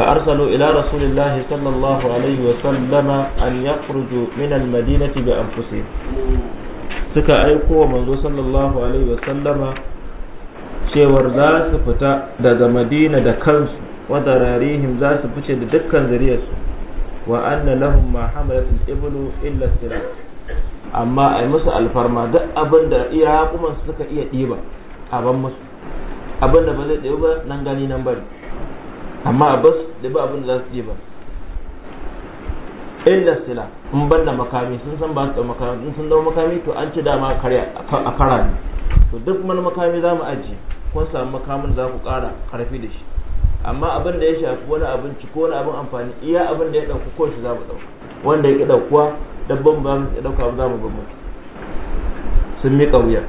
ila rasulillah sallallahu alaihi wa sallama an yakhruju min al-madinati bi بأنفسهم suka aiko wa manzo sallallahu alaihi wasallama cewar za su fita daga madina da kansu wa dararihim za su fice da dukkan zariyarsu wa anna lahum ma hamalatul iblu illa sirat amma ai musu alfarma duk abin da iya kuma suka iya diba a ban musu abin da ba zai ɗaya ba nan gani nan bari amma a bas da ba abin da za su ɗiba illa sila in ban da makami sun san ba su da makami in sun dau makami to an ci dama a kara ne to duk mana makami za mu ajiye kun samu makamin za ku kara karfi da shi amma abin da ya shafi wani abinci ko wani abin amfani iya abin da ya dauku ko shi za mu ɗauka wanda ya ƙi kuwa dabban ba mu ɗauka ba za mu bin mutu sun miƙa wuya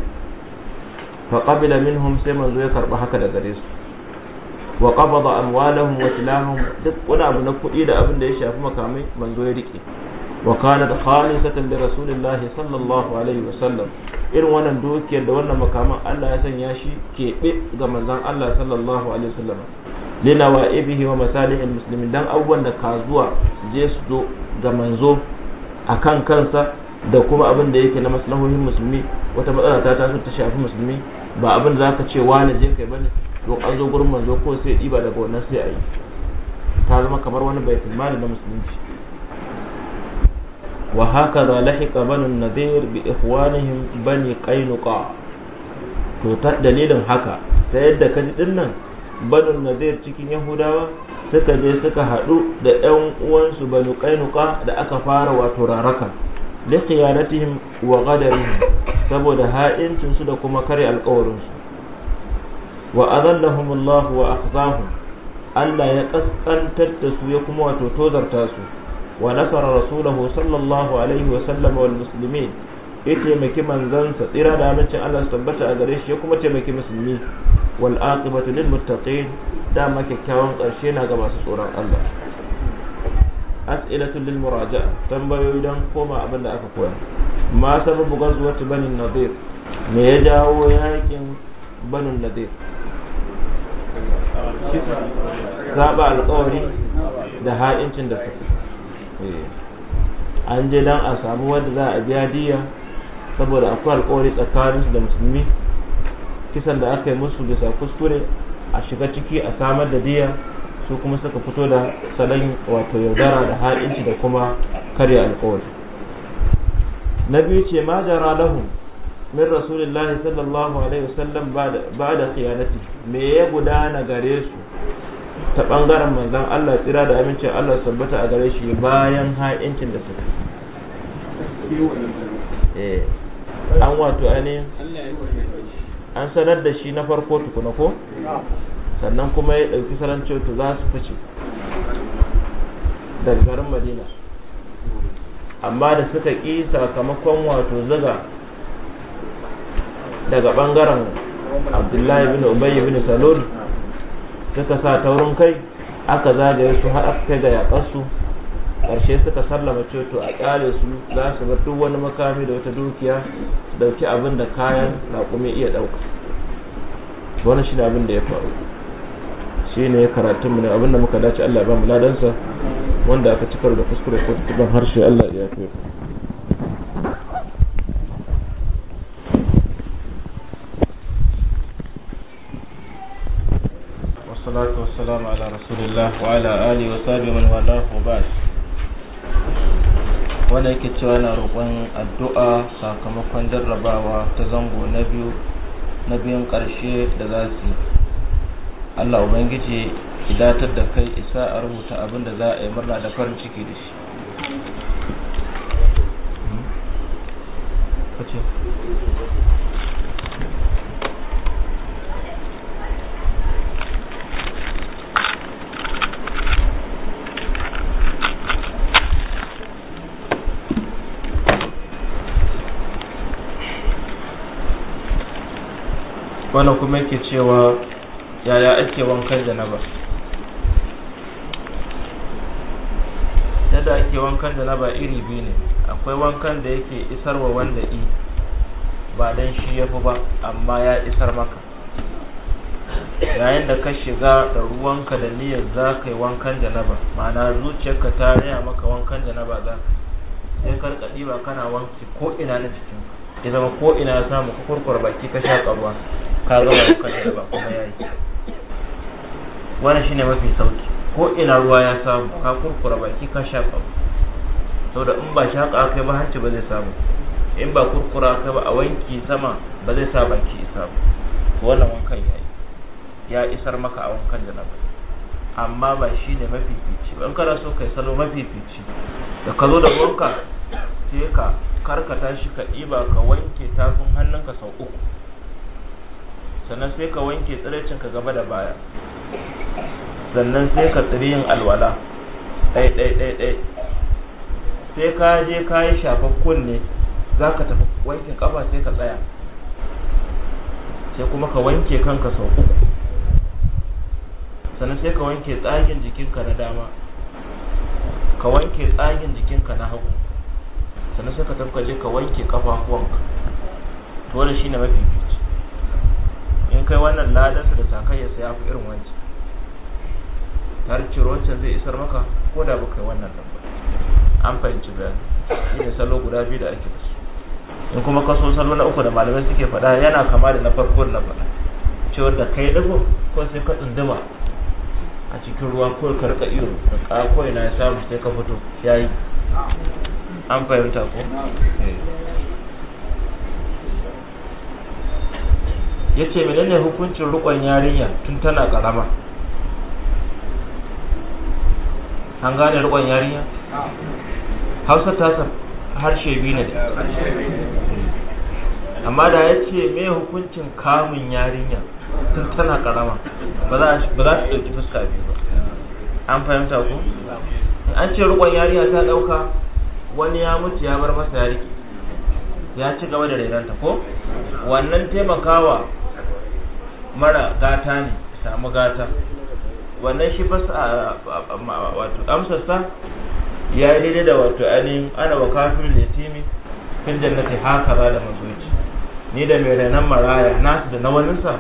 fa qabila minhum sai manzo ya karba haka daga gare su wa qabada amwalahum wa silahum duk wani abu na kuɗi da abin da ya shafi makamai manzo ya rike wa kanat khalisatan li rasulillahi sallallahu alaihi wa sallam irin wannan dokiyar da wannan makaman Allah ya sanya shi keɓe ga manzon Allah sallallahu alaihi wa sallam lina wa ibihi wa masalihi muslimin dan abubuwan da kazuwa je su zo ga manzo akan kansa da kuma abin da yake na maslahohin musulmi wata matsala ta taso ta shafi musulmi ba abin da zaka ce wani je kai bane to an zo gurin manzo ko sai ɗiba daga wannan sai ayi ta zama kamar wani bai mali na musulunci wa haka za lahiƙa banin nadir bi ikhwanihim bani qainuqa to ta dalilin haka ta yadda ka ji dinnan banin nadir cikin yahudawa suka je suka haɗu da ƴan uwansu bani qainuqa da aka fara wato raraka li wa ghadarihim saboda ha'incin da kuma kare alƙawarin wa azallahum Allah wa akhzahum Allah ya kaskantar da su ya kuma wato tozarta su wa nasara rasulahu sallallahu alaihi wa sallam wal muslimin ya taimaki manzansa tsira da amincin Allah tabbata a gare shi ya kuma taimaki musulmi wal aqibatu lil muttaqin dama kyakkyawan karshe na ga masu tsoron Allah as'ilatu lil muraja'a tambayoyi dan koma abin da aka koya ma sababu gazwati banin nadir me ya jawo yakin banin nadir saba alkawari da ha'incin da suka eh. an je don a samu wanda za a biya diya saboda akwai alkawari su da musulmi kisan da aka yi musu bisa kuskure a shiga ciki a samar da diya su kuma suka fito da salon wato yaudara da ha'inci da kuma karya alkawari na biyu ce ma jara lahun min rasulillahi sallallahu alaihi wasallam ba da khiyanati me ya gudana gare su ta bangaren manzon Allah tsira da amincin Allah sabbata a gare shi bayan ha'incin da suka eh an wato ne an sanar da shi na farko tukuna ko sannan kuma ya dauki salon to za su fice daga garin Madina amma da suka ƙi sakamakon wato zaga daga bangaren abdullahi bin ubayy bin salul suka sa taurin kai aka zagaye su har aka ga karshe suka sallama ceto a kyale su za su ga duk wani makami da wata dukiya su dauki abin da kayan laƙumi iya ɗauka wani shi abin da ya faru shi ne karatun mu abin da muka dace Allah ba mu ladansa wanda aka cikar da kuskure ko tuban harshe Allah ya fi والصلاة والسلام على رسول الله وعلى آله وصحبه من والاه وبعد wanda yake cewa na roƙon addu'a sakamakon jarrabawa ta zango na biyu na biyun ƙarshe da za su allah ubangiji idatar da kai isa a rubuta abin da za a yi murna da farin ciki da shi kuma cewa yaya ake wankan janaba yadda ake wankan janaba iri biyu ne akwai wankan da yake isarwa wanda i ba dan shi ya fi ba amma ya isar maka yayin da ka shiga da ruwanka da niyyar za ka yi wankan janaba ma'ana zuciyarka ta raya maka wankan janaba za ka sai karkaɗi ba kana wanki ko ina na cikin ya zama ko ina ya samu kakwarkwar baki ka sha ruwa ka gama da ba kuma ya yi wannan shine mafi sauki ko ina ruwa ya samu ka kurkura baki ka shaƙa saboda in ba shaƙa kai ba hanci ba zai samu in ba kurkura kai ba a wanki sama ba zai sa baki isa ba wannan wankan ya yi ya isar maka a wankan da na ba amma ba shi ne mafifici ba in kana so kai salo mafifici da ka zo da ruwanka sai ka karkata shi ka ɗiba ka wanke tafin hannunka sau uku sannan sai ka wanke tsiraicin ka gaba da baya sannan sai ka tsiri yin alwala ɗai ɗai ɗai ɗai sai ka je ka yi shafar kunne za ka tafi wankin ƙafa sai ka tsaya sai kuma ka wanke kanka sau uku sannan sai ka wanke tsagin jikinka na dama ka wanke tsagin jikinka na hagu sannan sai ka tafi ka je ka wanke kafafuwanka dole shi ne mafi kai wannan ladansa da sakayyarsa ya fi irin wancan har ciro wancan zai isar maka ko da ba wannan lamba an fahimci bayan shi salo guda biyu da ake su in kuma kaso salo na uku da malamai suke faɗa yana kama da na farko da na faɗa cewar da kai dago ko sai ka tsunduma a cikin ruwa ko ka rika iyo da koyi ina ya samu sai ka fito ya yi an fahimta ko? Eh. ya ce menene hukuncin rukon yarinya tun tana karama an gane rukon yarinya hausa ta harshe biyu ne amma da ya ce me hukuncin kamun yarinya tun tana karama ba za su ɗauki fuska biyu ba an fahimta ku an ce rukon yarinya ta ɗauka wani ya mutu ya bar masa ya ya ci gaba da rairanta ko wannan taimakawa mara gata ne samu gata wannan shi a wato amsarsa ya yi daidai da wato ainihin ana wa kafin litimi fil jannati haka ba da mazoci ni da mai renon maraya nasu da na waninsa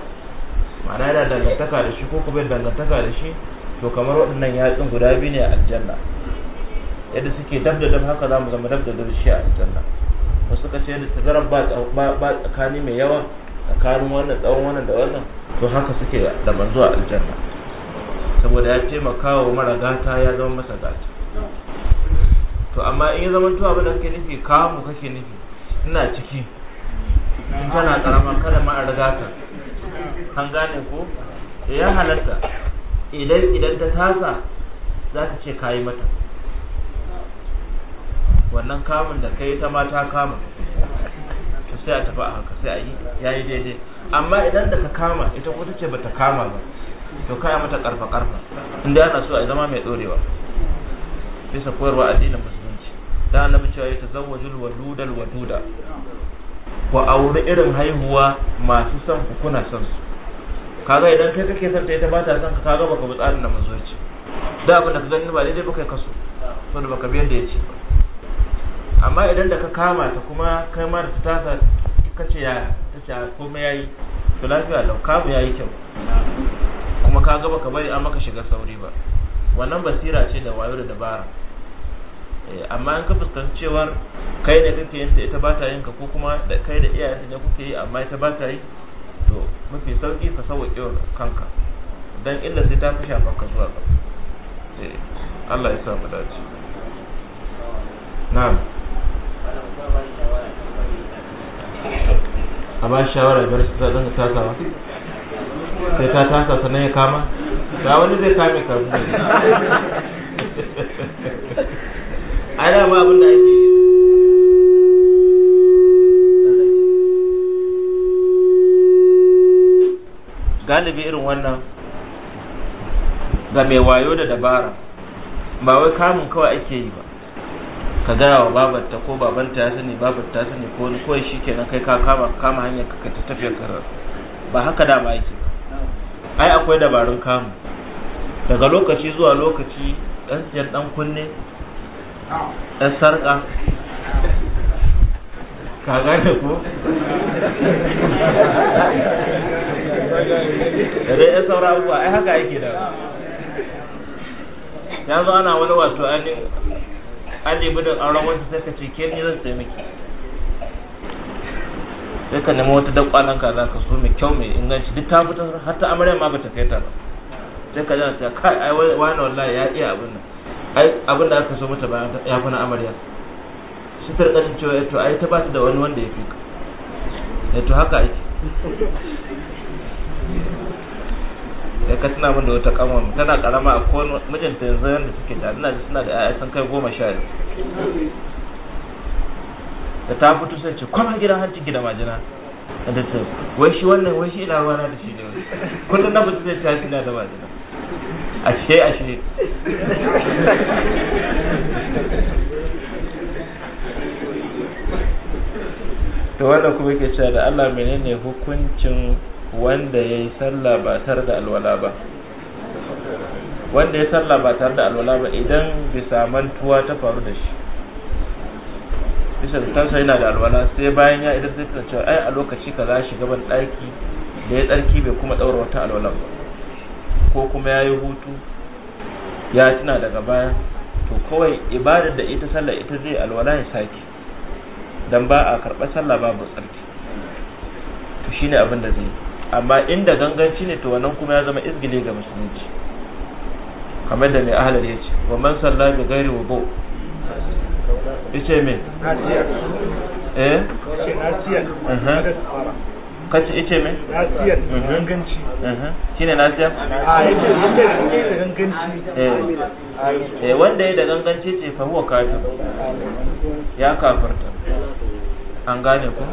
mana yana dangantaka da shi ko kuma dangantaka da shi to kamar waɗannan yatsun guda biyu ne a aljanna yadda suke dab da dab haka za mu zama dab da dab shi a aljanna wasu ka ce yadda tazarar ba tsakani mai yawa tsakanin wannan tsawon wannan da wannan to haka suke da manzo a aljanna saboda ya taimaka wa mara gata ya zama masa gata to amma in ya zama to abin da kake nufi kamu kake nufi ina ciki in kana karama kada ma a riga ka an gane ko eh, ya halatta idan idan ta tasa za ta ce kayi mata wannan kamun da kai ta mata kamun to sai a tafi a haka sai a yi yayi daidai amma idan da ka kama ita ko tace bata kama ba to kaya mata karfa karfa inda ana so a zama mai dorewa bisa koyarwa addinin musulunci da annabi cewa ya tazawwajul waludal waduda ku auri irin haihuwa masu son ku kuna san su kaga idan kai kake son ta ita ba ta son ka kaga baka bi tsarin da manzo ce da abin da ka gani ba daidai baka kaso saboda baka bi yadda ya ce ba amma idan da ka kama ta kuma kai mara ta tasa ka ce ya ta ce ah, kuma ya yi to lafiya da kamu ya yi kyau kuma ka gaba ka bari an maka shiga sauri ba wannan basira ce da wayo da dabara eh, amma in ka fuskancewar cewar kai ne kake yin ta ita ba ta yin ka ko kuma da kai da iyayen ne kuke yi amma ita ba ta yi to mafi sauki ka sauƙi kanka dan illa sai ta fi shafan ka zuwa ba eh, Allah ya sa mu dace na'am a ba shawara biyar su zan ka tasa ba sai ta tasa sannan ya kama ga wani zai kame karbu ana ma abin da ake galibi irin wannan ga mai wayo da dabara ba wai kamun kawai ake yi ba ka gaya wa babarta ko babanta ya sani babarta ya sani ko wani, kawai shi kenan kai ka kama kama hanyar ka ta tafiya karar ba haka da ba yake ai akwai dabarun kamu daga lokaci zuwa lokaci dan siyan dan kunne dan sarka ka gane ko da dai yan saura abubuwa ai haka yake da ya zo ana wani wato ainihin an ɗebi da auren wata sai ka ce ke ni zan sai miki sai ka nemi wata dakwalan ka za ka so mai kyau mai inganci duk ta fita har ta amarya ma bata kai ta ba sai ka jana kai ai wani wallahi ya iya abin nan ai abin da aka so mata bayan ya fi na amarya shi ta rikacin cewa eh, to ai ta ba da wani wanda ya fi ka eh, to haka ake da ka tuna min da wata kanwa tana karama ko mijinta yanzu da suke da ina suna da ƴaƴa sun kai goma sha da ta fito sai ce kwamar gidan hancin gida majina da ta wai shi wannan wai shi ina wana da shi ne kullum na mutum zai ta shi da majina a ashe to wannan kuma ke cewa da Allah menene hukuncin wanda ya yi sallah ba tare da alwala ba wanda ya sallah ba tare da alwala ba idan bisa mantuwa ta faru da shi bisa tansa yana da alwala sai bayan ya idan zai tana cewa ai a lokaci ka za shi gaban ɗaki da ya tsarki bai kuma ɗaura wata alwala ba ko kuma ya yi hutu ya tuna daga baya to kawai ibadar da ita sallah ita zai alwala ya sake dan ba a karɓar sallah babu tsarki to shine abin da zai yi amma inda ganganci ne to wannan kuma ya zama izgile ga musulunci kamar da mai ahalar ya ce wa man salla bi ghairi wudu yace me eh ce aha kace yace me nasiya mhm. ganganci aha shine nasiya a yace wanda yake ganganci eh eh wanda yake da ganganci ce fa huwa kafir ya kafirta an gane ku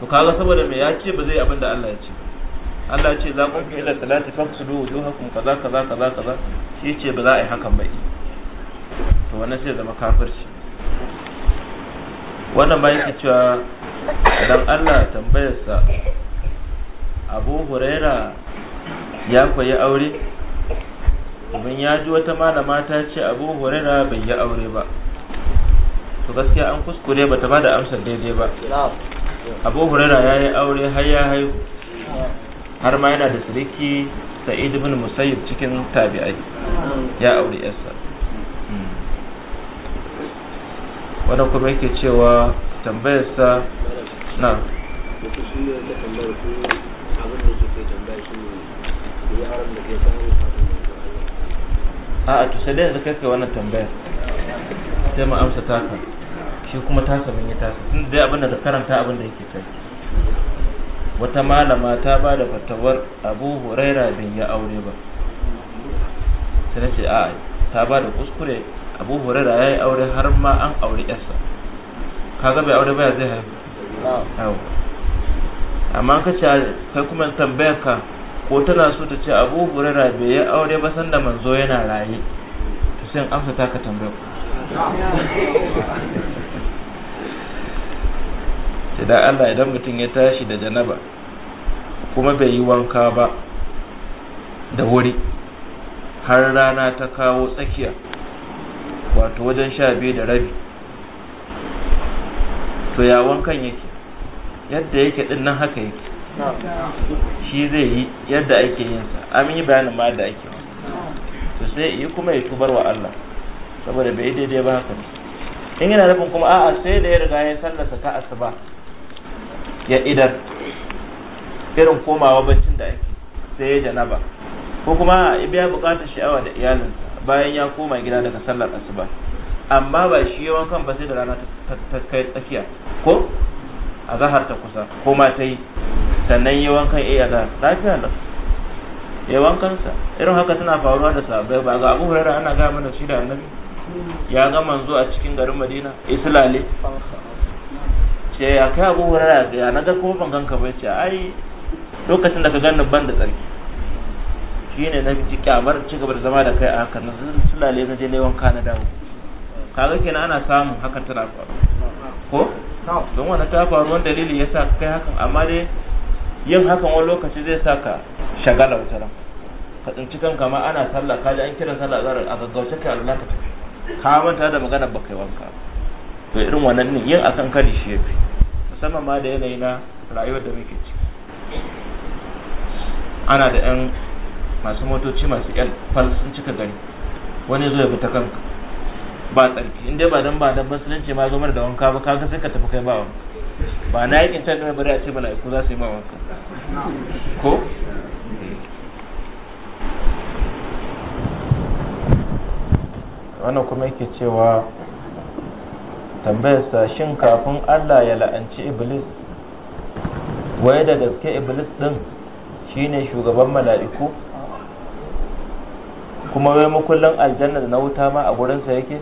to kaga saboda me ya ce ba zai abin da Allah ya ce Allah ce za ku ila salati faqsudu wujuhakum kaza kaza kaza kaza shi ce ba za a yi hakan ba to wannan sai zama kafirci wannan ba yake cewa dan Allah tambayarsa Abu Huraira ya koyi aure domin ya ji wata malama ta ce Abu Huraira bai yi aure ba to gaskiya an kuskure ta ba da amsar daidai ba Abu Huraira ya yi aure har ya haihu har ma yana da siriki sa'id ibn musayyib cikin tabi'ai ya aure yarsa hmm. wanda kuma yake cewa tambayar sa na a a tusa da yanzu kai wannan tambayar sai mu amsa taka shi kuma tasa mun yi tasa tun da abin da karanta abin da yake kai wata malama ta ba da fatawar abu huraira bin ya aure ba sai na ce a ta ba da kuskure abu huraira ya yi aure har ma an aure yarsa kaga bai aure baya zai haihu amma ka ce kai kuma tambayar ka ko tana so ta ce abu huraira bai ya aure ba sanda manzo yana raye to sai an amsa ta ka tambayar sai da Allah idan mutum ya tashi da janaba kuma bai yi wanka ba da wuri har rana ta kawo tsakiya wato wajen sha biyu da rabi to ya wankan yake yadda yake din nan haka yake shi zai yi yadda ake yin sa an yi bayanin ma da ake to sai yi kuma ya tubar wa Allah saboda bai daidai ba haka in yana nufin kuma a'a sai da ya riga ya sallasa ta asuba ya idar irin komawa baccin da ake sai ya janaba ko kuma ya bukata bukatar sha'awa da iyalin bayan ya koma gida daga sallar asuba amma ba shi yawan kan ba sai da rana ta kai tsakiya ko a zahar ta kusa ko ma ta yi sannan yawan kan iya eh, da lafiya da yawan kansa irin haka tana faruwa da sabai ba ga abu hurara ana gaya mana shi da annabi ya ga manzo a cikin garin madina islale ce ya kai abu hurara ya na ga ko ban ganka ba ce ai lokacin da ka gani ban da tsarki ne na ji kyamar ci gaba da zama da kai a haka na sulale na je ne wanka na dawo kaga kenan ana samun haka tana faru ko don wani ta faru wani dalili ya sa kai hakan amma dai yin hakan wani lokaci zai sa ka shagala wata ran ka tsinci kanka ma ana sallah ka ji an kiran sallah zarar a gaggauce kai Allah ka tafi ka manta da magana ba kai wanka to irin wannan yin kan kari shi fi musamman ma da yanayi na rayuwar da muke ci ana da yan masu motoci masu ƴan fal sun cika gari wani zo ya fita kanka ba tsarki inda ba dan ba dan musulunci ma zo mana da wanka ba kaga sai ka tafi kai ba wanka ba na yakin ta da bari a ce mala'iku za su yi ma wanka ko wannan kuma yake cewa tambayarsa shin kafin Allah ya la'anci iblis waye da gaske iblis din shine shugaban mala'iku kuma wai makullin aljanna da na wuta ma a gurinsa yake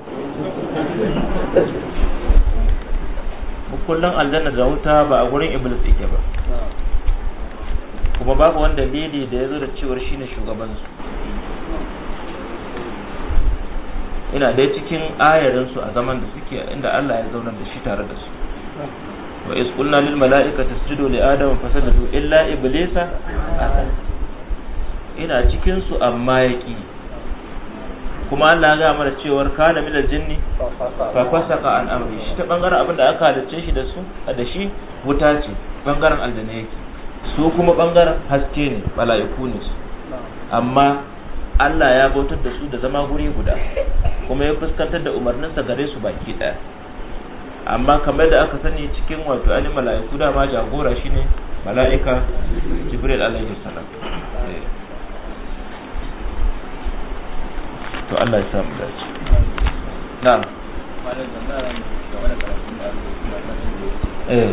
makullin aljanna da wuta ba a gurin iblis yake ba kuma babu wanda dalili da ya zo da cewar shine shugabansu ina dai cikin ayarinsu a zaman da suke inda Allah ya zauna da shi tare da su wa is kunna lil mala'ikati tasjudu li adama sajadu illa iblisa ina cikin su amma yaki kuma Allah ya mana cewar kana min jinni fa fasaka an amri shi ta bangaren abin da aka halicce shi da su da shi wuta ce bangaren aljanna yake su kuma bangaren haske ne mala'iku ne amma Allah ya bautar da su da zama guri guda kuma ya fuskantar da umarninsa gare su baki ɗaya amma kamar da aka sani cikin wato ali mala'iku da ma jagora shine mala'ika jibril alaihi salam to Allah ya samu shi na'am eh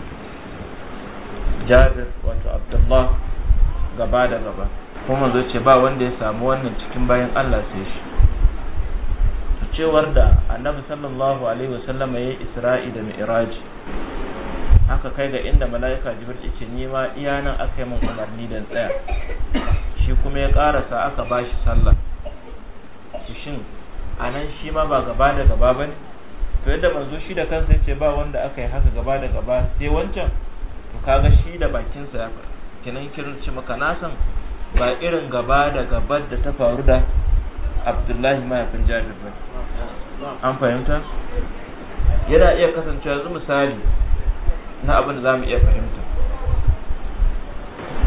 jabir wato abdullah gaba da gaba kuma zo ce ba wanda ya samu wannan cikin bayan allah sai shi cewar da annabi sallallahu alaihi wasallama ya yi isra'i da mi'raji haka kai ga inda mala'ika jibril ce ni ma iya nan aka yi min umarni dan tsaya shi kuma ya karasa aka bashi sallah shi shin anan shi ma ba gaba da gaba bane to yadda manzo shi da kansa yace ba wanda aka yi haka gaba da gaba sai wancan kaga shi da bakinsa ya faɗa kinan kirin ce maka na san ba irin gaba da gabar da ta faru da abdullahi mahaifin jabir ba an fahimta yana iya kasancewa zu misali na abin da zamu iya fahimta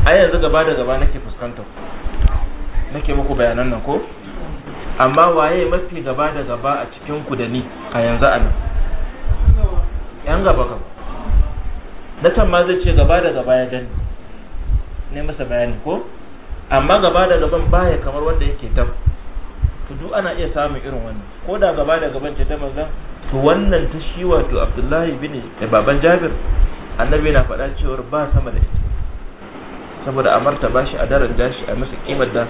ai yanzu gaba da gaba nake fuskantar nake muku bayanan nan ko amma waye mafi gaba da gaba a cikin ku da ni a yanzu a nan yan gaba kuma na can ma zai ce gaba da gaba ya gani ne masa bayani ko amma gaba da gaban baya kamar wanda yake tam to duk ana iya samun irin wannan ko da gaba da gaban ce ta manzon to wannan ta shi wato Abdullahi bin eh, baban Jabir annabi na faɗa cewa ba sama da ita saboda amarta ba shi a daren shi a masa kimar da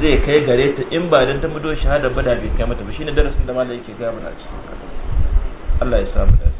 zai kai gare ta in ba dan ta mudo shahada ba da bai kai mata ba shine darasin da malai yake gaba na cikin Allah ya samu dace